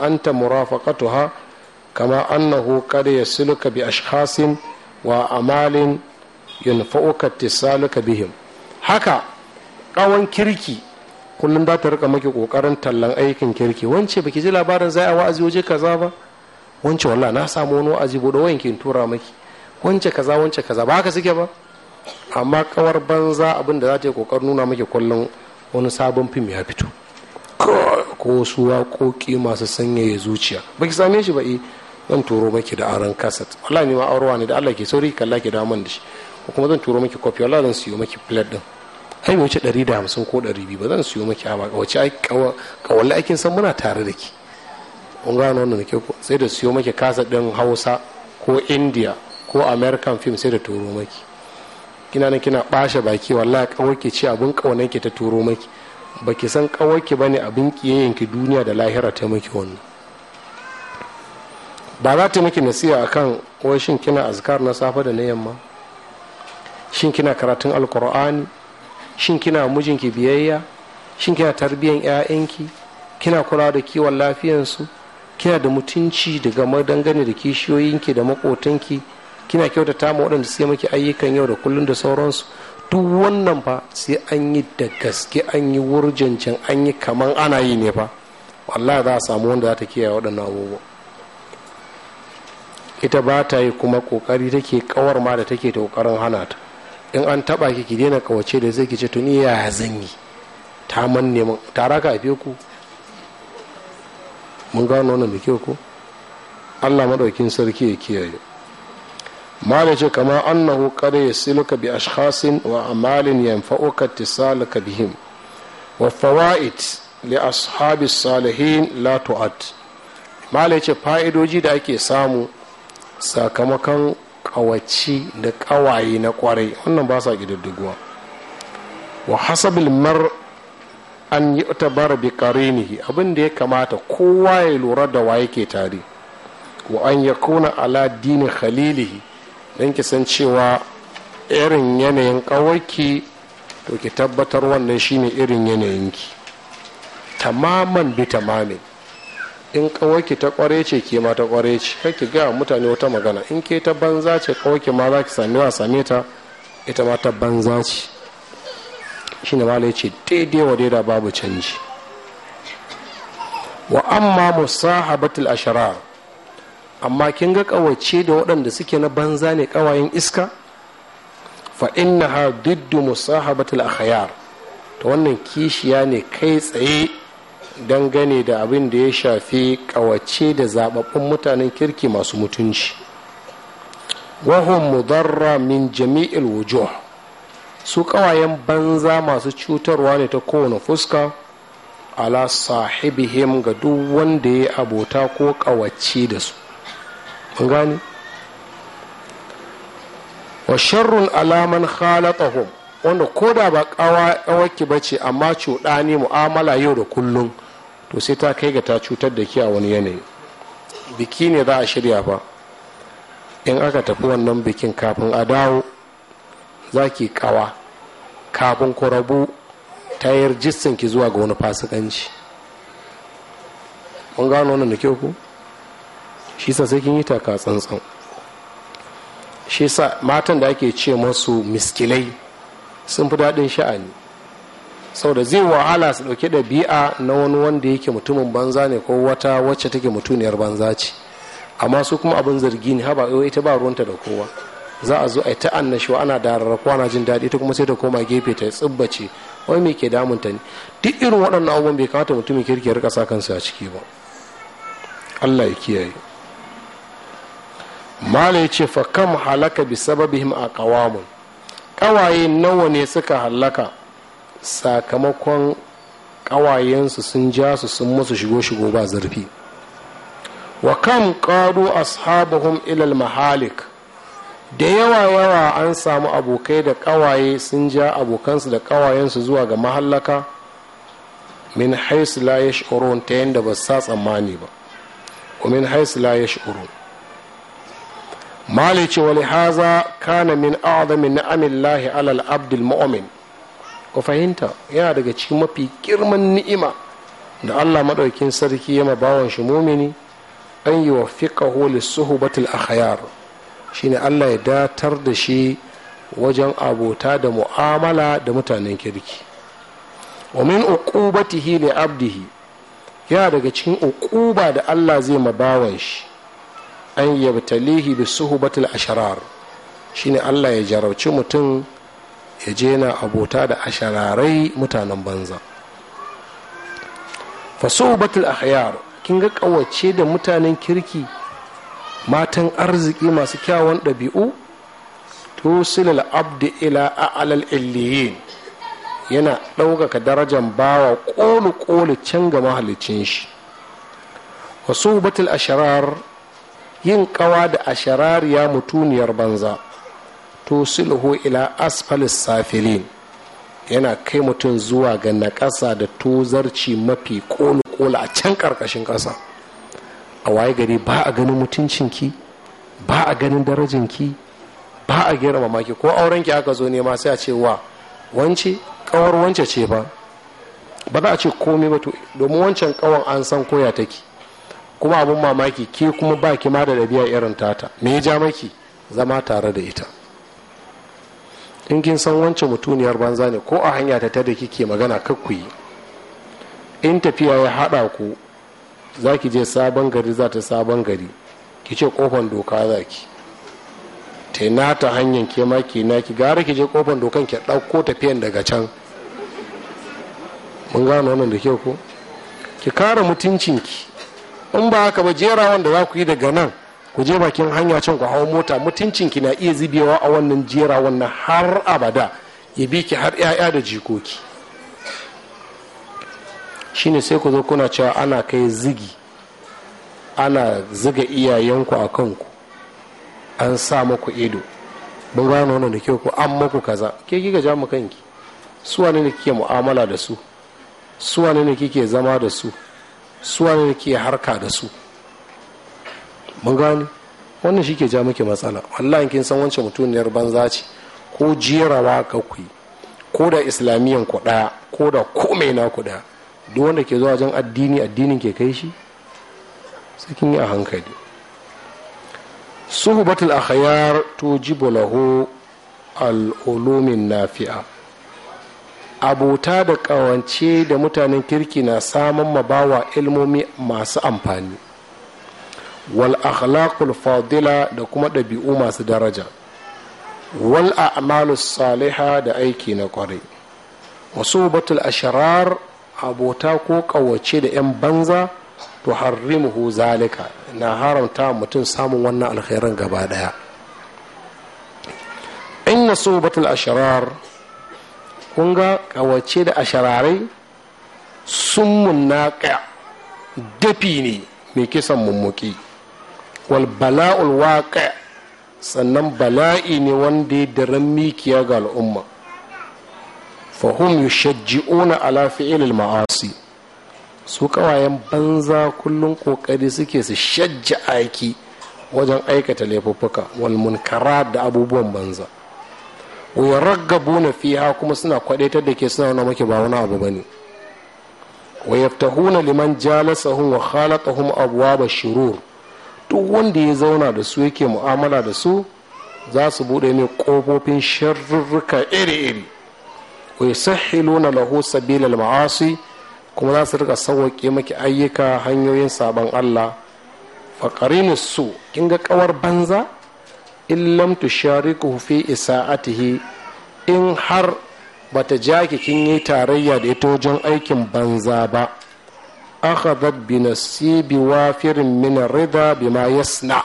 kama annahu كما ya قد يصلك بأشخاص وأعمال ينفعك اتصالك bihim haka tsawon kirki kullum za ta rika maki kokarin tallan aikin kirki wance baki ji labarin za a wa'azi waje kaza ba wance walla na samu wani wa'azi bude wayanki in tura maki wance kaza wance kaza ba haka suke ba amma kawar banza abin da za ta yi kokarin nuna maki kullum wani sabon fim ya fito ko su waƙoƙi masu sanyaya zuciya baki same shi ba eh, zan turo maki da aran kasat wallahi ni ma aurwa ne da Allah ke sauri kalla ke da man da shi ko kuma zan turo maki kofi wallahi zan siyo maki plate din ai wace wuce ɗari da hamsin ko ɗari biyu ba zan siyo maki a ama wace ai aikin san muna tare da ki kun gano wannan ke ko sai da siyo maki kasa ɗin hausa ko india ko american film sai da turo maki kina nan kina ɓashe baki wallahi kawai ce abin kawanan ke ta turo maki baki san kawai ki bane abin kiyayen ki duniya da lahira ta maki wannan ba za ta miki nasiha akan wai shin kina azkar na safe da na yamma shin kina karatun alkur'ani shin kina mijinki biyayya shin kina tarbiyyan 'ya'yanki kina kula da kiwon lafiyansu kina da mutunci da game dangane da kishiyoyinki da makotanki kina kyautata ma waɗanda sai maki ayyukan yau da kullum da sauransu duk wannan fa sai an yi da gaske an yi wurjancin an yi kaman ana yi ne fa wallahi za a samu wanda za ta kiyaye waɗannan abubuwa ita ba ta yi kuma ƙoƙari take kawar ma da take ta ƙoƙarin hana ta in an taba ki ki daina kawace da zai ki ce to ni ya zan yi ta man neman tara ka haife ku mun gano wannan da kyau ku Allah madaukin sarki ya kiyaye mala ce kama annahu qad yasiluka bi ashkhasin wa amalin yanfa'uka tisaluka bihim wa fawaid li ashabi salihin la tu'at mala ce fa'idoji da ake samu sakamakon kawaci da ƙawaye na ƙwarai wannan ba sa ƙididdiguwa wa hasabil mar an yi bar bi karinihi abin da ya kamata kowa ya lura da wa yake tare wa an ya kuna ala dini khalilihi don ki san cewa irin yanayin kawarki to ki tabbatar wannan shine irin yanayinki tamaman bi tamamin in kawarki ta kware ce ke ma ta kware ce kai ki ga mutane wata magana in ke ta banza ce kawarki ma za ki same wa same ta ita ma ta banza ce ne malai ce daidai wa daidai babu canji wa amma musahabatul ashara amma kin ga kawace da waɗanda suke na banza ne kawayen iska fa innaha diddu musahabatul akhyar ta wannan kishiya ne kai tsaye dangane da abin da ya shafi kawace da zababbun mutanen kirki masu mutunci wahun mudarra min jami'il wujuh su kawayen banza masu cutarwa ne ta kowane fuska ala sahibihim ga duk wanda ya abota ko kawace da su gani wa sharrun alaman khalatahum wanda ko da ba kawaki ba ce amma cuɗani mu'amala yau da kullum to sai ta kai ga ta cutar da ke a wani yanayi biki ne za a shirya ba in aka tafi wannan bikin kafin a dawo za ki kawa kafin ku rabu ta yi rijistan ki zuwa ga wani fasikanci mun gano wannan da ke ku shi sa sai kin yi taka tsantsan shi sa matan da ake ce masu miskilai sun fi daɗin sha'ani sau da zai wahala su ɗauki ɗabi'a na wani wanda yake mutumin banza ne ko wata wacce take mutuniyar banza ce amma su kuma abin zargi ne haba ita ba ruwanta da kowa za a zo a yi ta annashuwa ana dararrakuwa kwana jin daɗi ita kuma sai ta koma gefe ta tsibbace wai me ke damunta ne duk irin waɗannan abubuwan bai kamata mutumin kirki ya rika sa kansa a ciki ba Allah ya kiyaye malai ya ce fa kam halaka bi sababihim a kawamun kawaye nawa ne suka halaka sakamakon ƙawayensu sun ja su sun musu shigo-shigo ba zurfi wa kam ƙaru ashabuhum ilal mahalik da yawa yawa an samu abokai da ƙawaye sun ja abokansu da ƙawayensu zuwa ga mahallaka min haisu la ya ta yadda ba sa tsammani ba wa min haisu la ya malice wani haza kana min a'adami lahi alal abdul mu'min ku fahimta yana daga cikin mafi girman ni'ima da allah maɗaukin sarki ya bawan shi mumini an yi wa fiƙahu lissuhubatul shi shine allah ya datar da shi wajen abota da mu'amala da mutanen kirki wa min uqubatihi li abdihi yana daga cikin uquba da allah zai mabawan shi an yabtalihi bi suhubatul asharar shine allah ya jarabci mutum ya je na abota da ashararai mutanen banza faso a ahyar kin ga kawace da mutanen kirki matan arziki masu kyawun ɗabi'u tusilal abdi ila a'lal illiyin yana ɗaukaka darajar bawa ƙoli ƙoli can ga mahalicin shi wasu batul asharar yin ƙawa da asharariya mutuniyar banza tusiluhu ila asfalis safilin yana kai mutum zuwa ga ƙasa da tozarci mafi ƙoli a can ƙarƙashin ƙasa a waye gari ba a ganin mutuncinki ba a ganin darajinki ba a girmama maki ko aurenki aka zo nema sai a ce wa wance kawar wance ce ba ba za a ce komai ba to domin wancan kawan an san koya take kuma abin mamaki ke kuma ba ki ma da ɗabi'a irin tata me ya ja maki zama tare da ita in kin san wancan mutuniyar banza ne ko a hanya ta tada kike magana kakku yi in tafiya ya haɗa ku za ki je sabon gari za ta sabon gari ki ce kofan doka za ki ta na ta hanyar ke ma ke na ki gara ki je kofan dokan ki ɗauko tafiyan daga can mun gano wannan da kyau ko ki kare mutuncinki in ba haka ba jera wanda za ku yi daga nan ku je bakin hanya can ku hawo mota mutuncin ki na iya zubewa a wannan jera wannan har abada ya bi ki har 'ya'ya da jikoki shine sai ku zo kuna cewa ana kai zigi ana ziga iyayenku a kanku an sa muku ido ban gano wannan da kyau ku an muku kaza ke kika ja mu kanki su wane ne kike mu'amala da su su wane ne kike zama da su su wane ne kike harka da su mun gane wannan shi ke ja muke matsala wallahi kin san wancan mutuniyar banza ce ko jerawa ka ku ko da islamiyan ku ɗaya ko da komai na ku ɗaya duk wanda ke zuwa wajen addini addinin ke kai shi sai kin yi a hankali suhubatul akhyar tujibu lahu al'ulumin nafi'a abota da kawance da mutanen kirki na samun mabawa ilmomi masu amfani wal akhlaqul fadila da kuma ɗabi'u masu daraja wal a'malu saliha da aiki na ƙwarai. wasu batul asharar abota ko ƙawace da 'yan banza to harrimuhu zalika na haramta mutum samun wannan alkhairan gaba ɗaya inna subatul asharar kun ga ƙawace da ashararai sun munnaƙa dafi ne mai kisan mummuki wal bala'ul waƙa sannan bala'i ne wanda ya daren mikiya ga al'umma fahim yushajji'una ala fi'ilil ma'asi su kawayen banza kullum kokari suke su shajja aiki wajen aikata laifuffuka wal munkara da abubuwan banza wa na fiya kuma suna kwadaitar da ke suna wani maki ba wani abu bane wa yaftahuna liman jalasahum wa khalatahum ba shurur duk wanda ya zauna da su yake mu'amala da su za su buɗe mai ƙofofin sharrurruka iri-iri wai na lahu sabilal ma'asi kuma za su rika sauwaƙe maki ayyuka hanyoyin sabon Allah faƙarinu su kin ga ƙawar banza in shari ku fi isa'atihi in har bata jaki kin yi tarayya da ita wajen aikin banza ba akhadha bi nasibi wafirin min ridha bima yasna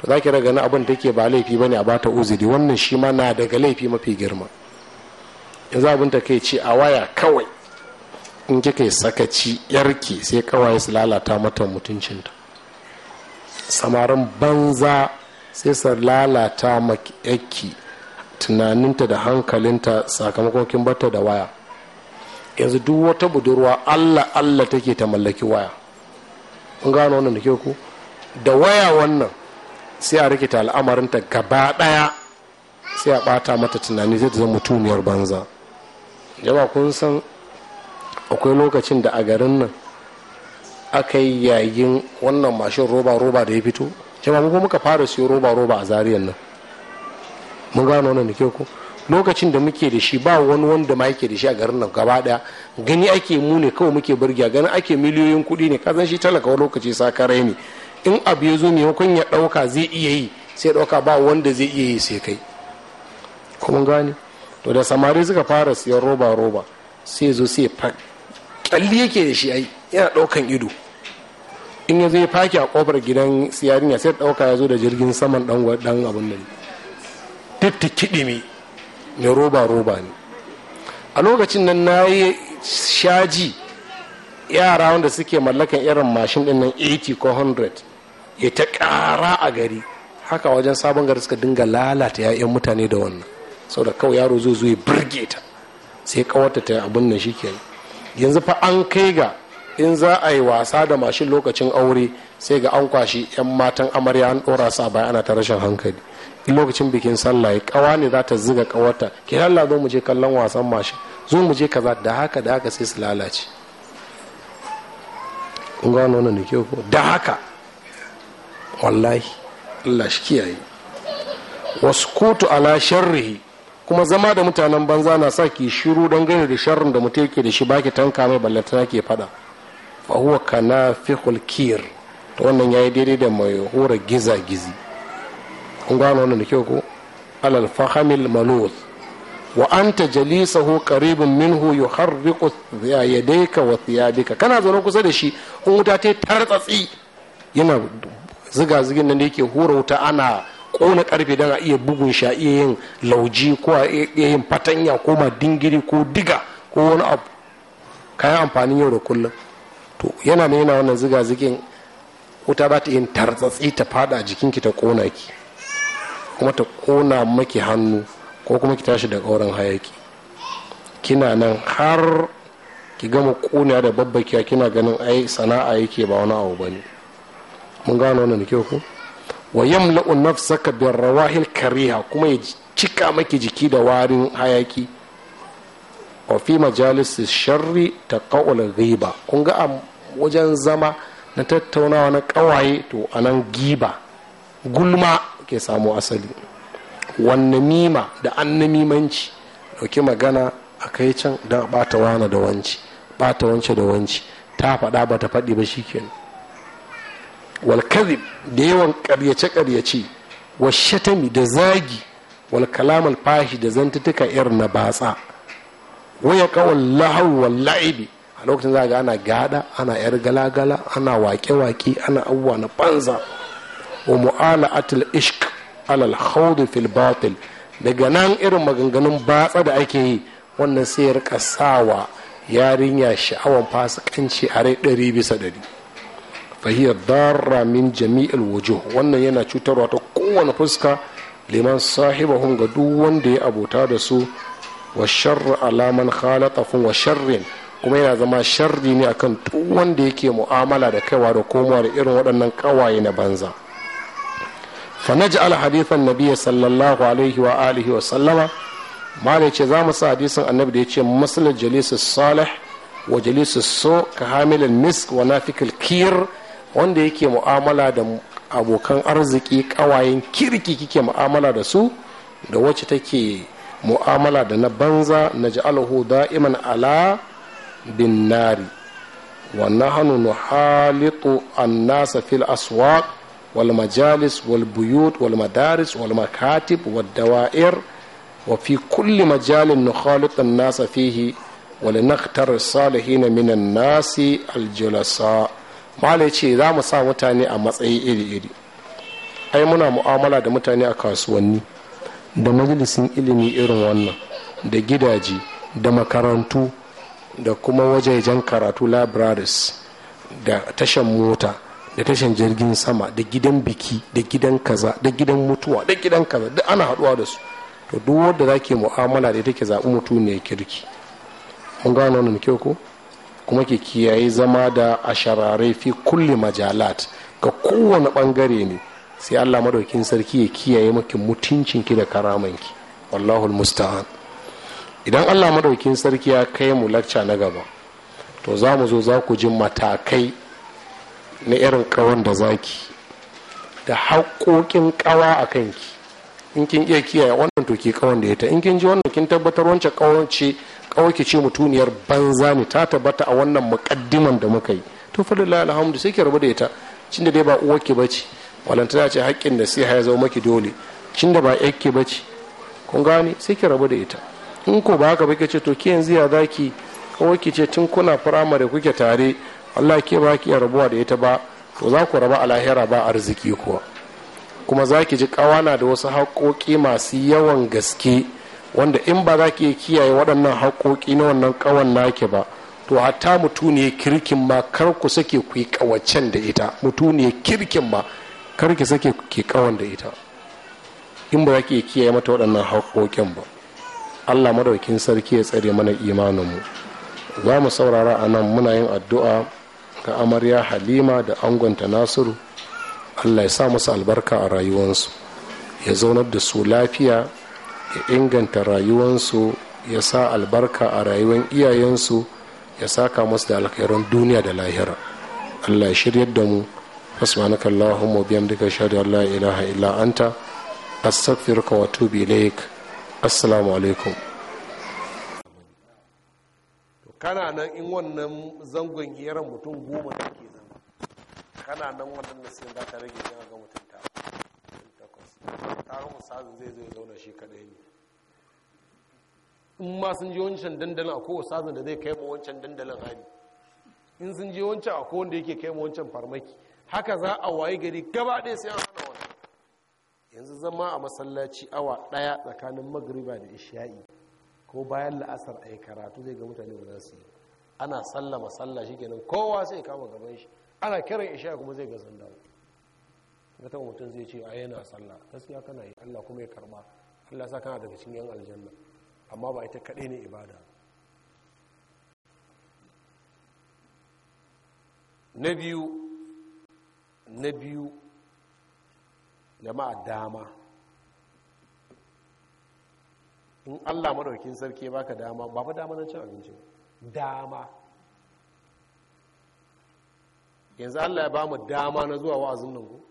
to zaki daga na abin yake ba laifi bane a bata uzuri wannan shi ma na daga laifi mafi girma yanzu abin ta kai ce a waya kawai in kika yi sakaci yarki sai kawai su lalata mata mutuncinta samarin banza sai su lalata maki tunaninta da hankalinta sakamakon kin bata da waya yanzu duk wata budurwa allah allah take ta mallaki waya kun gano wannan da ke ku da waya wannan sai a rikita al'amarinta gaba daya sai a bata mata tunani zai ta zama tuniyar banza jama kun san akwai lokacin da a garin nan aka yi yayin wannan mashin roba roba da ya fito jama mu muka fara siyo roba roba a zariyan nan mun gano wannan da ke ku lokacin da muke da shi ba wani wanda ma yake da shi a garin nan gaba daya gani ake mu ne kawai muke burgiya Gani ake miliyoyin kuɗi ne ka shi talaka wani lokaci ka ne in abu ya zo maimakon ya ɗauka zai iya yi sai ɗauka ba wanda zai iya yi sai kai kuma gane to da samari suka fara siyan roba roba sai zo sai fa kalli yake da shi ai yana ɗaukan ido in ya zo ya faki a kofar gidan siyarinya sai ɗauka ya zo da jirgin saman ɗan abin nan duk ta kiɗime mai roba roba ne a lokacin nan na yi shaji yara wanda suke mallakan irin mashin din nan 80 ko 100 ya ta ƙara a gari haka wajen sabon gari suka dinga lalata 'ya'yan mutane da wannan da kawai yaro zo ya birge ta sai kawata ta abin nan ke yanzu fa an kai ga in za a yi wasa da mashin lokacin aure sai ga an kwashi 'yan matan amarya an dora su a baya ana ta rashin hankali in lokacin bikin sallah ya kawa ne za ta ziga kawarta ke Allah zo mu je kallon wasan mashi zo mu je kaza da haka da haka sai su lalace kun gano wannan da kyau ko da haka wallahi Allah shi kiyaye wasu kotu ala sharrihi kuma zama da mutanen banza na sa ki shiru don gani da sharrin da mutum yake da shi baki tanka mai ballantana ke fada fa huwa kana fihul kir to wannan yayi daidai da mai hura giza gizi kun ne wannan da kyau ko alal fahamil maluz wa anta jalisahu qaribun minhu yuharriqu yadayka wa thiyabika kana zaune kusa da shi in wuta ta tartsatsi yana ziga zigin nan da yake hura wuta ana kona karfe dan a iya bugun shi a iya yin lauji ko a iya yin fatanya ko ma dingiri ko diga ko wani abu kayan amfanin yau da kullum to yana ne yana wannan ziga zigin wuta ba ta yin tartsatsi ta fada jikinki ta kona ki kuma ta kona maki hannu ko kuma ki tashi daga wurin hayaki kina nan har ki gama kuniya da babbakiya kina ganin ai sana'a yake ba wani abu bane mun gano wannan kyau ko wa yamla'u nafsaka bi rawahil kariha kuma ya cika maki jiki da warin hayaki wa fi majalis sharri taqawul ghiba kun ga a wajen zama na tattaunawa na kawaye to anan giba gulma ke samo asali wanne mima da annamimanci dauki magana a kai can don bata wana da wanci bata wance da wanci ta faɗa ba ta faɗi ba shi kenan. da yawan ƙaryace ƙaryace wa shatami da zagi wal fashi da zantutuka irin na batsa waya kawon lahaw wal la'ibi a lokacin za ana gada ana yar galagala ana wake-wake ana abubuwa na banza wa mu'ala'atul ishq alal khawdi fil daga nan irin maganganun batsa da ake yi wannan sai ya rika sawa yarinya sha'awan fasikanci a rai ɗari bisa ɗari fahiyar darra min jami'il wujuh wannan yana cutarwa ta kowane fuska liman sahibahun ga duk wanda ya abota da su wa sharri alaman khalatafun wa sharrin kuma yana zama sharri ne akan duk wanda yake mu'amala da kaiwa da komowa da irin waɗannan ƙawaye na banza fa naj'al hadithan nabiyyi sallallahu alaihi wa alihi wa sallama malai ce za mu sa hadisin annabi da ya ce masalar jalisus salih wa jalisus so ka hamilin misk wa nafikil kir wanda yake mu'amala da abokan arziki kawayen kirki kike mu'amala da su da wacce take mu'amala da na banza na ja'alahu da'iman ala bin nari wannan hannu nuhalitu annasa fil aswaq wal majalis wal buyut wal madaris wal makatib wal dawa'ir wa fi kulli majalin nukhalit na nasa fihi naktar linaktar salihin min nasi al Malam ce za mu sa mutane a matsayi iri-iri ai muna mu'amala da mutane a kasuwanni da majalisin ilimi irin wannan da gidaje da makarantu da kuma wajejen karatu libraries da tashan mota da tashan jirgin sama da gidan biki da gidan kaza da gidan mutuwa da gidan kaza duk ana haɗuwa da su to duk wanda zake mu'amala da take zaɓi ya kirki mun gano wannan kyau ko kuma ke kiyaye zama da asharare fi kulli majalat ga kowane bangare ne sai Allah madaukin sarki ya kiyaye maki mutuncin ki da karaman ki wallahu musta'an idan Allah madaukin sarki ya kai mu lacca na gaba to za mu zo za ku ji matakai na irin kawan da zaki da haƙoƙin ƙawa a kanki in kin iya kiyaye wannan to ke da ya ta in kin ji wannan kin tabbatar wancan kawon ce kawai ce mutuniyar banza ne ta tabbata a wannan muƙaddiman da muka yi to fa lillahi alhamdu sai ki rabu da ita cin da dai ba ki bace ta ce haƙƙin nasiha ya zama maki dole cin da ba ki bace kun gane sai ki rabu da ita in ko ba haka ba ce to ki yanzu ya zaki kawai ce tun kuna firamare kuke tare Allah ke ba ki rabuwa da ita ba to za ku raba a ba arziki kuwa kuma za ki ji kawana da wasu haƙoƙi masu yawan gaske wanda in ba za ki kiyaye waɗannan haƙoƙi na wannan ƙawan naki ba to hatta mutuniyar kirkin ma kar ku sake ku yi ƙawacen da ita mutuniyar kirkin ma kar ki sake ke ƙawan da ita in ba za ki kiyaye mata waɗannan haƙoƙin ba allah madaukin sarki ya tsare mana imaninmu za mu saurara a nan muna yin addu'a ta amarya halima da angonta nasiru allah ya sa masu albarka a rayuwansu ya zaunar da su lafiya ya inganta rayuwansu ya sa albarka a rayuwar iyayensu ya saka masu da alkhairan duniya da lahira allah ya shirya da mu subhanaka allahumma duka ashhadu allah ya ilaha illa anta astaghfiruka wa atubu ilaik assalamu alaikum kana nan in wannan zangon yaran mutum goma da ke nan kana nan wannan nasirin za ta rage yana ga mutum ta takwas tarin wasazin zai zai zauna shi kadai ne in ma sun je wancan dandalin a kowace sazin da zai kai ma wancan dandalin hali in sun je wancan a kowanda yake kai ma wancan farmaki haka za a waye gari gaba ɗaya sai an hana wani yanzu zama a masallaci awa ɗaya tsakanin magriba da isha'i ko bayan la'asar a yi karatu zai ga mutane ba za su yi ana sallama sallah shi kenan kowa sai kama gaban shi ana kiran isha kuma zai ga sanda ga ta mutum zai ce a yana sallah gaskiya kana yi allah kuma ya karba allah sa kana daga cikin yan aljanna amma ba ita kaɗai ne ibada na biyu na biyu jama'a dama in allah maɗaukin sarki ba ka dama ba fa dama na cin abinci dama yanzu allah ya ba mu dama na zuwa wa'azin nan ku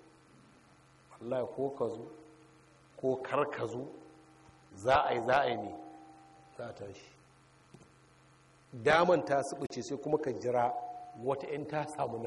allah ko ka zo ko kar ka zo za a yi za a yi ne za a tashi daman ta suɓuce sai kuma ka jira wata 'yan ta samu na